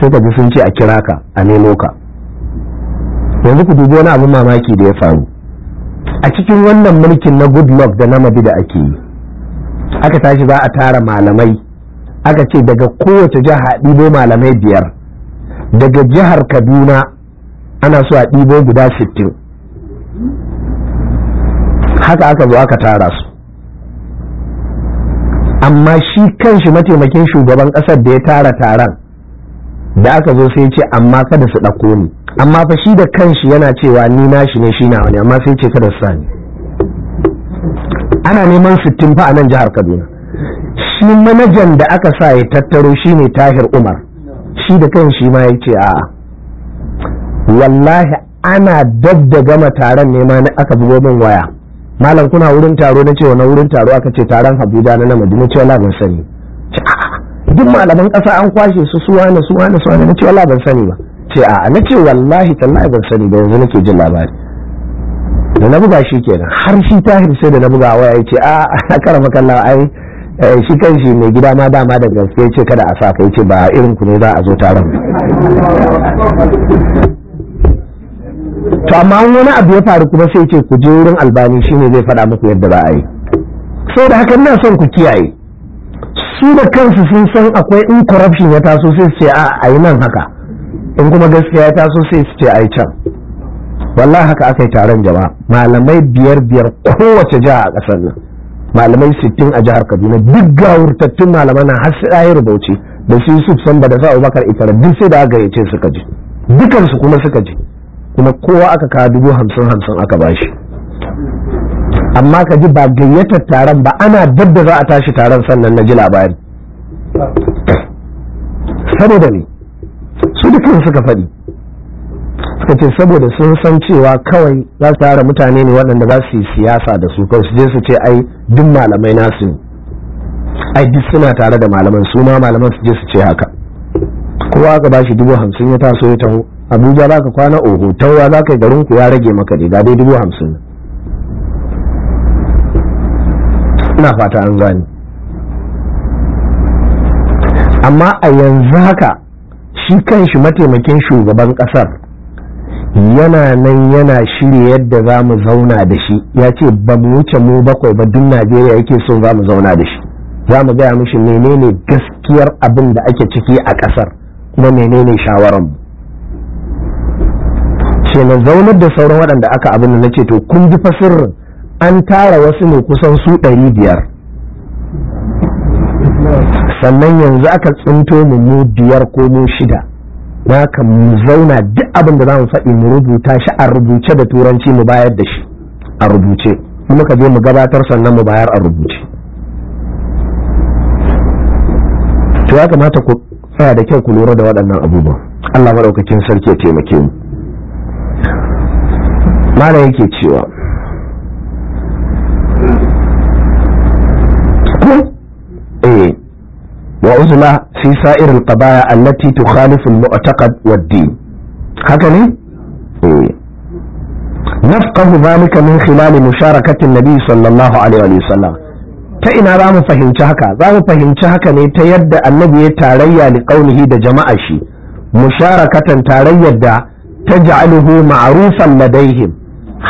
sai ka ji sun ce a kira ka a nemo ka yanzu ku dubi wani abin mamaki da ya faru a cikin wannan mulkin na luck da namabi da ake yi aka tashi za a tara malamai aka ce daga kowace jiha ɗibo malamai biyar daga jihar kaduna ana so a ɗibo guda sittin haka aka zo aka tara su amma shi kanshi mataimakin shugaban ƙasar da ya tara taron da aka zo sai ce amma kada su ɗauko ni amma fa shi da kanshi yana cewa ni nashi ne shi na wani amma sai ce kada su sani ana neman sittin fa a nan jihar kaduna shi manajan da aka sa ya tattaro shi ne tahir umar shi da kanshi ma ya ce a'a wallahi ana dab da gama taron nema na aka bugo min waya malam kuna wurin taro na cewa na wurin taro aka ce taron habuja na namadi na cewa na sani duk malaman kasa an kwashe su suwa na suwa na suwa na ce wallahi ban sani ba ce a na ce wallahi tallahi ban sani ba yanzu nake jin labari da na buga shi kenan har shi tahir sai da na buga waya ya ce a a karama a ai eh, shi kan shi mai gida ma dama da gaske ce kada a sa ka ce ba irin ku ne za a zo taron to amma wani abu ya faru kuma sai ce ku je wurin albani shine zai faɗa muku yadda ba a yi da hakan na son ku kiyaye su da kansu sun san akwai in corruption ya taso sai su ce a ayi nan haka in kuma gaskiya ya taso sai su ce a can wallahi haka aka yi taron jama'a malamai biyar biyar kowace jiha a kasar nan malamai sittin a jihar kaduna duk gawurtattun malaman nan har sai ayi rubuce da su yusuf ba da sa abubakar itara duk sai da aka gayyace suka ji dukansu kuma suka ji kuma kowa aka kawo dubu hamsin hamsin aka bashi amma ka ji ba gayyatar taron ba ana dabda za a tashi taron sannan na ji labari saboda ne su dukkan suka faɗi suka ce saboda sun san cewa kawai za su tara mutane ne waɗanda za su yi siyasa da su kawai su je su ce ai duk malamai nasu ne ai duk suna tare da malaman su ma malaman su je su ce haka kowa aka bashi dubu hamsin ya taso ya taho abuja za ka kwana oho tawa za ka yi garin ku ya rage maka ne ga dai dubu hamsin ina fata an gani amma a yanzu haka shi kanshi mataimakin shugaban kasar yana nan yana shirya yadda za mu zauna da shi ya ce ba mu wuce mu bakwai ba duk najeriya yake so za mu zauna da shi za mu gaya mishi menene gaskiyar abin da ake ciki a kasar kuma menene shawarar mu ce na zaunar da sauran waɗanda aka abin da na ce to kun ji fasirin an tara wasu ne kusan su ɗari biyar sannan yanzu aka tsinto mu mu biyar ko mu shida na kan mu zauna duk abin da za mu faɗi mu rubuta shi a rubuce da turanci mu bayar da shi a rubuce kuma ka je mu gabatar sannan mu bayar a rubuce to ya kamata ku tsaya da kyau ku lura da waɗannan abubuwan Allah maɗaukakin sarki ya taimake mu malam yake cewa gane eh wa uzma fi sa'ir al-qabaya allati tukhalifu al-mu'taqad wad-din haka ne eh nafqahu dhalika min khilal musharakati an-nabi sallallahu alaihi wa sallam ta ina za mu fahimci haka za mu fahimci haka ne ta yadda annabi ya tarayya li qaulihi da jama'a shi musharakatan tarayyar da ta ja'aluhu ma'rufan ladaihim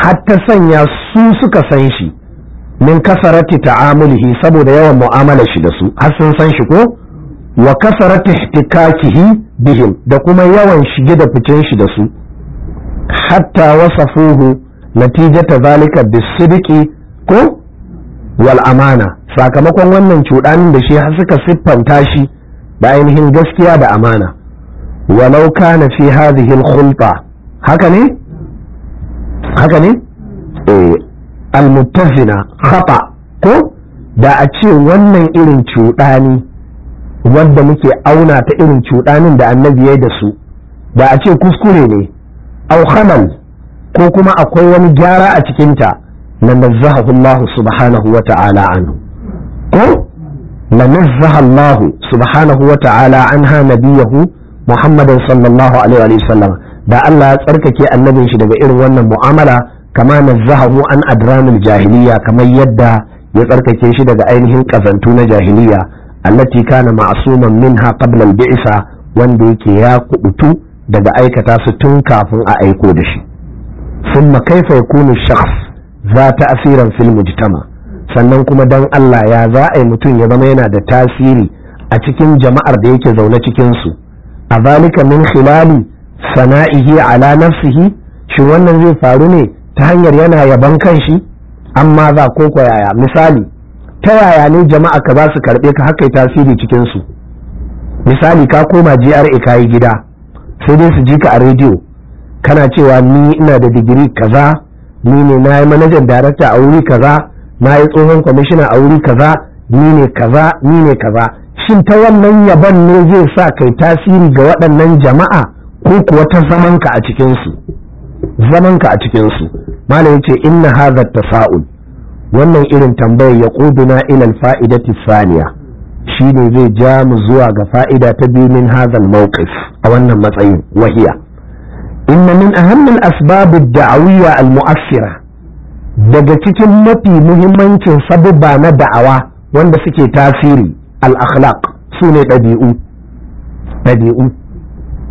har ta sanya su suka san shi min kasarati ta'amulihi saboda yawan mu'amala shi da su har sun san shi ko wa kasarati ihtikakihi bihim da kuma yawan shige da fitin shi da su hatta wasafuhu natijata zalika bisidiki ko wal amana sakamakon wannan cuɗanin da shi har suka siffanta shi da ainihin gaskiya da amana walau kana fi hadhihi al haka ne haka ne eh almuttazina khata ko da a ce wannan irin cuɗani wanda muke auna ta irin cuɗanin da annabi ya da su da a ce kuskure ne au ko kuma akwai wani gyara a cikinta na nazzahahu Allah subhanahu wa ta'ala anhu ko na nazzaha Allah subhanahu wa ta'ala anha nabiyahu Muhammadan sallallahu alaihi wa sallam da Allah ya tsarkake annabin shi daga irin wannan mu'amala kama zahabu an adramin jahiliya kamar yadda ya tsarkake shi daga ainihin kazantu na jahiliya allati kana ma'suman minha qabla al-bi'sa wanda yake ya kubutu daga aikata su tun kafin a aiko da shi summa kaifa yakunu shakhs za ta asiran fil mujtama sannan kuma dan Allah ya za a yi mutum ya zama yana da tasiri a cikin jama'ar da yake zaune cikin su a zalika min khilali sana'ihi ala nafsihi shin wannan zai faru ne ta hanyar yana yaban kanshi amma za ko yaya misali ta yaya ne jama'a ka za su karɓe ka haka tasiri cikin su misali ka koma GRA ka yi gida sai dai su ji ka a rediyo kana cewa ni ina da digiri kaza ni ne na yi manajan darakta a wuri kaza na yi tsohon kwamishina a wuri kaza ni ne kaza ni ne kaza shin ta wannan yaban ne zai sa kai tasiri ga waɗannan jama'a ko kuwa ta zamanka a cikinsu zamanka a cikinsu malam ya ce inna hadha tasa'ul wannan irin tambayar ya ƙuduna ilal fa'ida saniya shi ne zai ja mu zuwa ga fa'ida ta biyu min hazal mawqif a wannan matsayin wahiya inna min ahammin asbabud da'awiyya al daga cikin mafi muhimmancin sabubba na da'awa wanda suke tasiri al-akhlaq su ne ɗabi'u ɗabi'u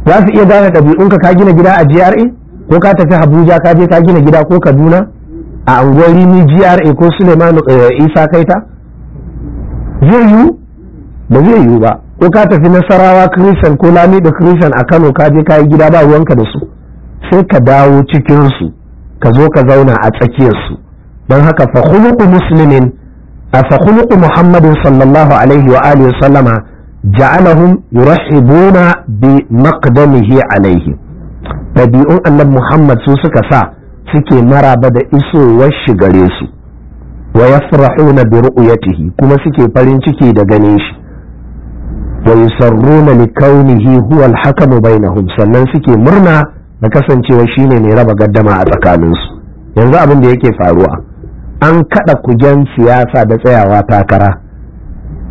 za su iya gane ɗabi'unka ka gina gida a GRA ko ka tafi Abuja ka je ka gina gida ko Kaduna a anguwar Rimi GRA ko Suleiman eh, Isa Kaita zai yiwu ba zai yiwu ba ko ka tafi Nasarawa Christian ko lami da Christian a Kano ka je ka yi gida ba ruwanka da su sai ka dawo cikin su ka zo ka zauna a tsakiyar su don haka fa khuluqu muslimin a fa khuluqu Muhammadin sallallahu alaihi wa alihi wa sallama ja'alahum yurahibuna bi maqdamihi alaihim ɗabi'un annabi muhammad su suka sa suke maraba da isowar shi gare su wa bir'u bi tihi? kuma suke farin ciki da ganin shi wa yusarruna li kaunihi huwa mu baina bainahum sannan suke murna Na kasancewa shine mai raba gaddama a tsakaninsu yanzu abin da yake faruwa an kada kujen siyasa da tsayawa takara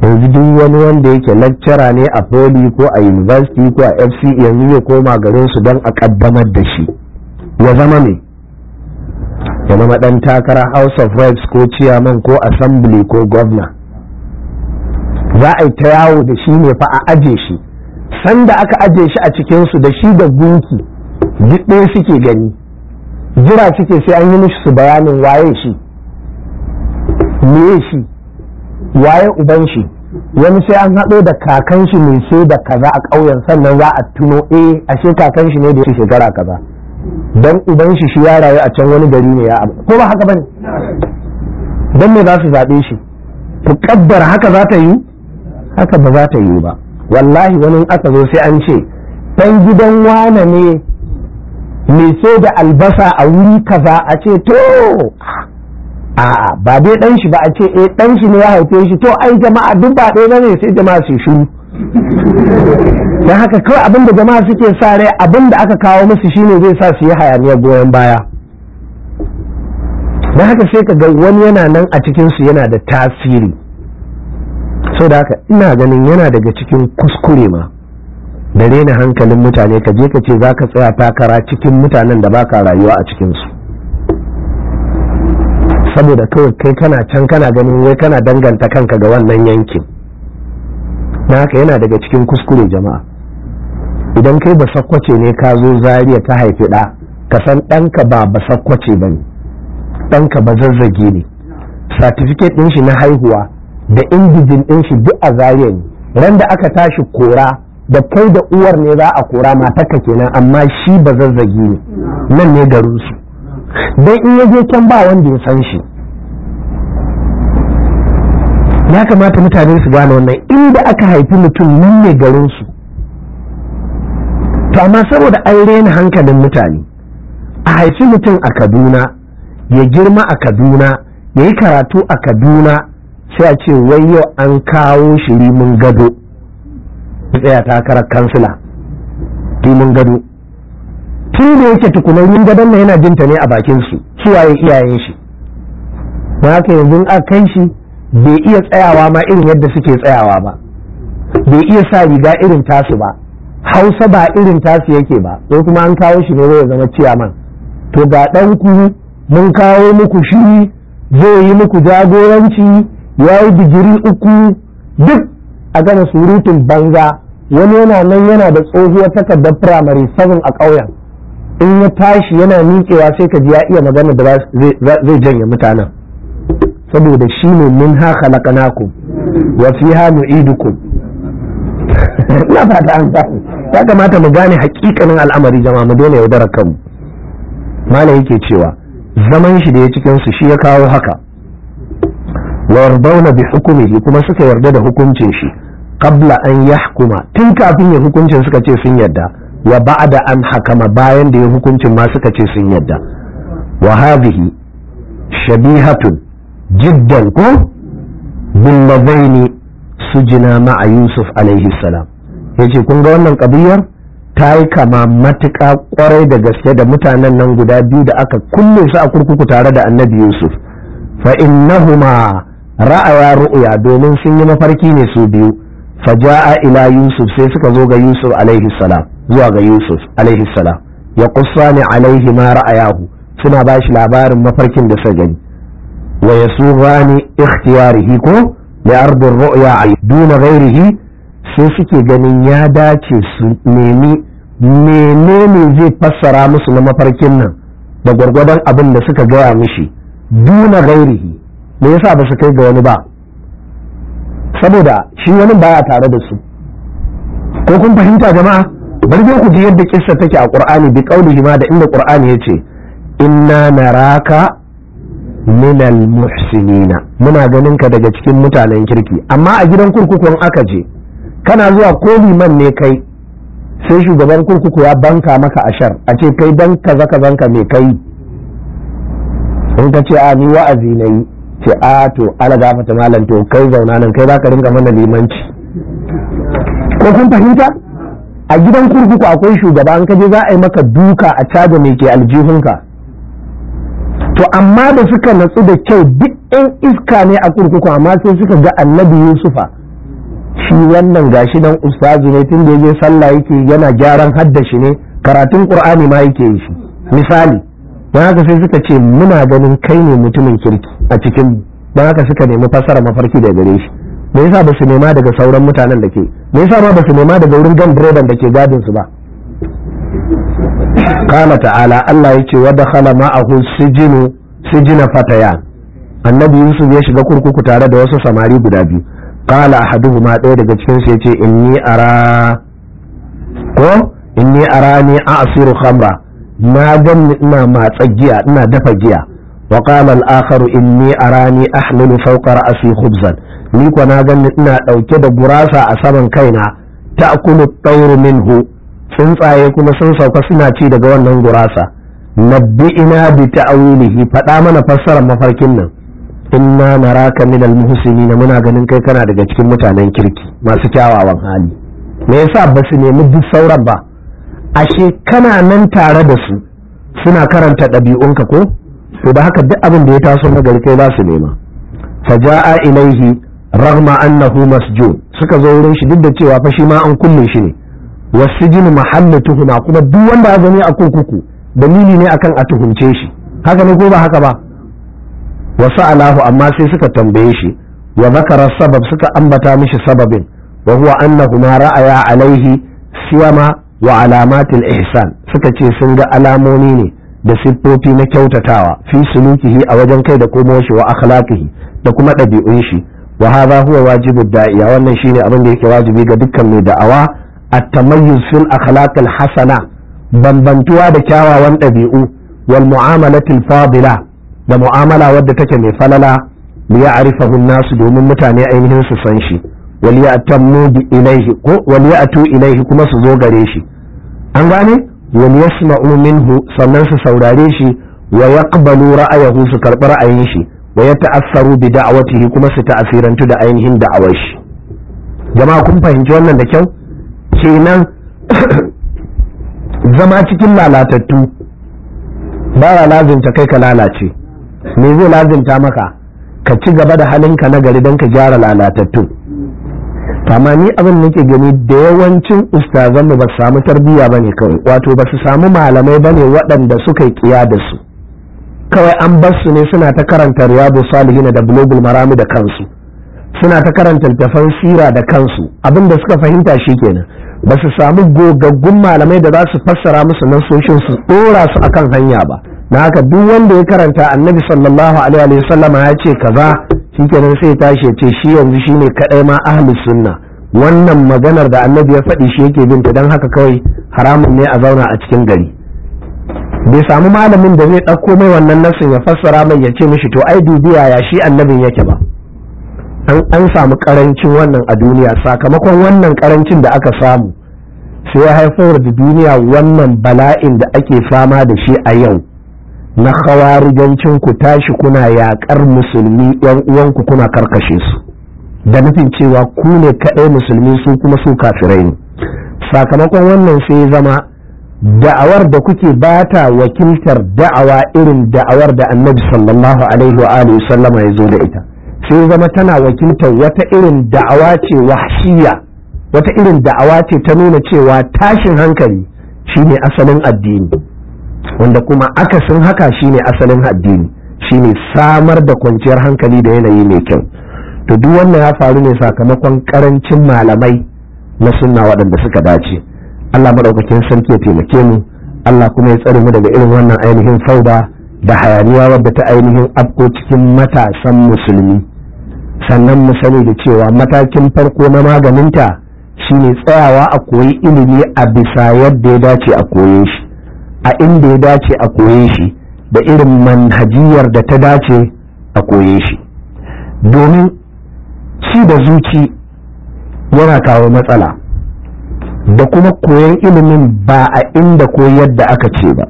yanzu duk wani wanda yake lecturer ne a poli ko a university ko a fc yanzu ya koma garin su don a kaddamar da shi ya zama ne ya zama dan takara house of reps ko chairman ko assembly ko governor za a yi ta yawo da shi ne fa a aje shi sanda aka aje shi a cikinsu da shi da gunki duk suke gani jira suke sai an yi mishi su bayanin waye shi me shi waye uban shi wani sai an haɗo da kakan shi mai sai da kaza a ƙauyen sannan za a tuno eh ashe kakan shi ne da shi shekara kaza dan uban shi shi ya rayu a can wani gari ne ya abu ko ba haka bane dan me za su zaɓe shi ku kaddara haka za ta yi haka ba za ta yi ba wallahi wani aka zo sai an ce dan gidan wane ne mai sai da albasa a wuri kaza a ce to a'a ba dai dan shi ba a ce eh dan shi ne ya haife shi to ai jama'a duk ba dai bane sai jama'a su shiru dan haka kawai abin da jama'a suke sa rai abin da aka kawo musu shine zai sa su yi hayaniyar goyon baya dan haka sai ka ga wani yana nan a cikin su yana da tasiri so da haka ina ganin yana daga cikin kuskure ma da rena hankalin mutane ka je ka ce za tsaya takara cikin mutanen da baka rayuwa a cikinsu saboda kawai kai kana can kana ganin wai kana danganta kanka ga wannan yankin na haka yana daga cikin kuskure jama'a idan kai ba sakwace ne ka zo zariya ta haifi ɗa ka san ɗanka ba ba sakwace ba ne ɗanka ba zazzage ne satifiket ɗin shi na haihuwa da indijin ɗin shi duk a zariya ne ran da aka tashi kora da kai da uwar ne za a kora matarka kenan amma shi ba zazzage ne nan ne garinsu dan in ya je can ba wanda ya san shi ya kamata mutane su gane wannan inda aka haifi mutum nan ne garinsu to amma saboda an rena hankalin mutane a haifi mutum a kaduna ya girma a kaduna ya yi karatu a kaduna sai a ce wai yau an kawo shi rimin gado tsaya takarar kansila rimin gado tun da yake tukunarin gadon na? yana jinta ne a bakin su waye iyayen shi ba haka yanzu a kan shi bai iya tsayawa ma irin yadda suke tsayawa ba bai iya sa riga irin tasu ba hausa ba irin tasu yake ba sai kuma an kawo shi ne ya zama ciyaman to ga ku mun kawo muku shi zai yi muku jagoranci ya yi digiri uku duk a gana surutun banza wani yana nan yana da tsohuwar takardar firamare sabon a ƙauyen in ya tashi yana miƙewa sai ka ji ya iya magana da zai janye mutanen saboda shi ne min ha khalaqnakum wa fiha nu'idukum [laughs] ina fata an gane ya kamata mu gane hakikanin al'amari jama'a mu daina yaudara kanmu malam yake cewa zaman shi da ya cikin su shi ya kawo haka wa yardauna bi hukmihi kuma suka yarda da hukuncin shi qabla an yahkuma tun kafin ya hukuncin suka ce sun yarda wa ba'da an hakama bayan da ya hukuncin ma suka ce sun yadda wa hadhihi shabihatun jiddan ko su sujina a yusuf alaihi salam yace kun ga wannan kabiyar ta yi kama matuƙa kwarai da gaske da mutanen nan guda biyu da aka kulle su a kurkuku tare da annabi yusuf fa huma ra'aya ru'ya domin sun yi mafarki ne su biyu faja'a ila yusuf sai suka zo ga yusuf alaihi salam zuwa ga Yusuf alaihi salam ya qussani alaihi ma ra'ayahu suna ba shi labarin mafarkin da suka gani wa gani ikhtiyarihi ko li ardir ru'ya duna ghairihi sai suke ganin ya dace su nemi menene zai fassara musu na mafarkin nan da gwargwadon abin da suka gaya mishi duna gairihi me yasa ba su kai ga wani ba saboda shi wani baya tare da su ko kun fahimta jama'a bari dai ku ji yadda kisa take a qur'ani bi qaulihi ma da inda qur'ani yace inna naraka minal muhsinina muna ganin ka daga cikin mutanen kirki amma a gidan kurkukun aka je kana zuwa ko liman ne kai sai shugaban kurkuku ya banka maka ashar a ce kai dan kaza kazan ka me kai in ka ce a ni wa'azi na ce a to ala gafata malam to kai zauna nan kai zaka rinka mana limanci ko kun fahimta a gidan kurkuku akwai shugaba an kaje za a yi maka duka a caja mai ke aljihunka to amma da suka natsu da kyau duk yan iska ne a kurkuku amma sai suka ga annabi yusufa shi wannan gashi dan ustazu ne tun da ya sallah yake yana gyaran haddashi ne karatun qur'ani ma yake yi shi misali don haka sai suka ce muna ganin kai ne mutumin kirki a cikin don haka suka nemi fasara mafarki da gare shi me yasa ba su nema daga sauran mutanen da ke me yasa ma ba su nema daga wurin gan direban da ke gadin su ba kama ta'ala Allah ya ce wadda dakhala ma'ahu sijinu sijina fataya, annabi Yusuf ya shiga kurkuku tare da wasu samari guda biyu qala ma ɗaya daga cikin su yace inni ara ko inni arani a'siru khamra na gan ina matsa giya ina dafa giya وقال الآخر إني أراني أحمل فوق رأسي خبزا نيكو ناغن إنا أو كده براسة أسابا كينا تأكل الطير منه سنسا يكون سنسا وكسنا تيدا قوانا براسة نبئنا بتأويله فتامنا فسر مفركنا إنا نراك من المحسنين منا غنن كي كنا دقا چكي متانين كيركي ما سكاوا وانهالي ميسا بسني مدد سورة با أشي كنا ننتعرض سنا كرنت أبيعونك كو to da haka duk abin da ya taso na gari kai ba su nema faja'a ilaihi raghma annahu masjun suka zo wurin shi duk da cewa fa shi ma an kulle shi ne wasijin mahallu tuhuma kuma duk wanda ya zama a kurkuku dalili ne akan a tuhunce shi haka ne ko ba haka ba wasu alahu amma sai suka tambaye shi wa zakara sabab suka ambata mishi sababin wa huwa ma ra'aya alaihi siyama wa alamatil ihsan suka ce sun ga alamomi ne da siffofi na kyautatawa fi sulukihi a wajen kai da komo shi wa akhlaqihi da kuma ɗabi'un shi wa hadha huwa wajibu da'iya wannan shine abin da yake wajibi ga dukkan mai da'awa at-tamayyuz fil akhlaq al-hasana bambantuwa da kyawawan ɗabi'u wal mu'amalatil fadila da mu'amala wadda take mai falala li ya'rifahu an-nas domin mutane ainihin su san shi wal ya'tamu bi ilayhi ko wal ya'tu ilayhi kuma su zo gare shi an gane wal yasma'u minhu sannan su saurare shi wa yaqbalu ra'ayahu su karɓi ra'ayin shi wa yata'assaru bi da'awatihi kuma su ta'asirantu da ainihin da'awar shi jama'a kun fahimci wannan da kyau kenan [coughs] zama cikin lalatattu ba lazimta kai ka lalace me zai lazimta maka ka ci gaba da halinka na gari don ka gyara lalatattun amma ni abin da nake gani da yawancin ustazanmu ba su samu tarbiyya ba ne kawai wato ba su samu malamai ba ne waɗanda suka yi kiya da su kawai an bar su ne suna ta karanta riyadu na da global marami da kansu suna ta karanta littafan sira da kansu abin da suka fahimta shi kenan ba su samu gogaggun malamai da za su fassara musu nan su dora su akan hanya ba na haka duk wanda ya karanta annabi sallallahu alaihi wa sallam ya ce kaza shikenan sai tashi ya ce shi yanzu shine kadai ma ahli sunna wannan maganar da annabi ya faɗi shi yake binta don haka kawai haramun ne a zauna a cikin gari bai samu malamin da zai ɗauko mai wannan nassin ya fassara mai ya ce mishi to ai dubiya ya shi annabin yake ba an an samu karancin wannan a duniya sakamakon wannan karancin da aka samu sai ya haifar da duniya wannan bala'in da ake fama da shi a yau na khawarijancin ku tashi kuna yaƙar musulmi yan uwanku kuna karkashe su da nufin cewa ku ne kaɗai musulmi su kuma su kafirai ne sakamakon wannan sai zama da'awar da kuke bata wakiltar da'awa irin da'awar da annabi sallallahu alaihi wa alihi sallama ya zo da ita sai zama tana wakiltar wata irin da'awa ce wahsiya wata irin da'awa ce ta nuna cewa tashin hankali shine asalin addini wanda kuma akasin haka shine asalin addini shine samar da kwanciyar hankali da yanayi mai kyau to duk wannan ya faru ne sakamakon karancin malamai na sunna waɗanda suka dace Allah madaukakin sarki ya taimake mu Allah kuma ya tsare mu daga irin wannan ainihin fauda da hayaniya wadda ta ainihin abko cikin matasan musulmi sannan mu sani da cewa matakin farko na maganinta shine tsayawa a koyi ilimi a bisa yadda ya dace a koyin shi a inda ya dace a koye shi da irin manhajiyar da ta dace a koye shi domin ci da zuci yana kawo matsala da kuma koyon ilimin ba a inda koyar da aka ce ba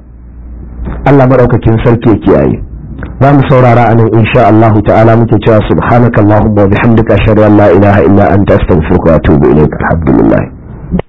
Allah maɗaukakin sarki kiyaye za mu saurara a nan insha Allah ta'ala muke cewa subhanakallahumma wa bihamdika ashhadu an la ilaha illa anta astaghfiruka wa atubu ilayk alhamdulillah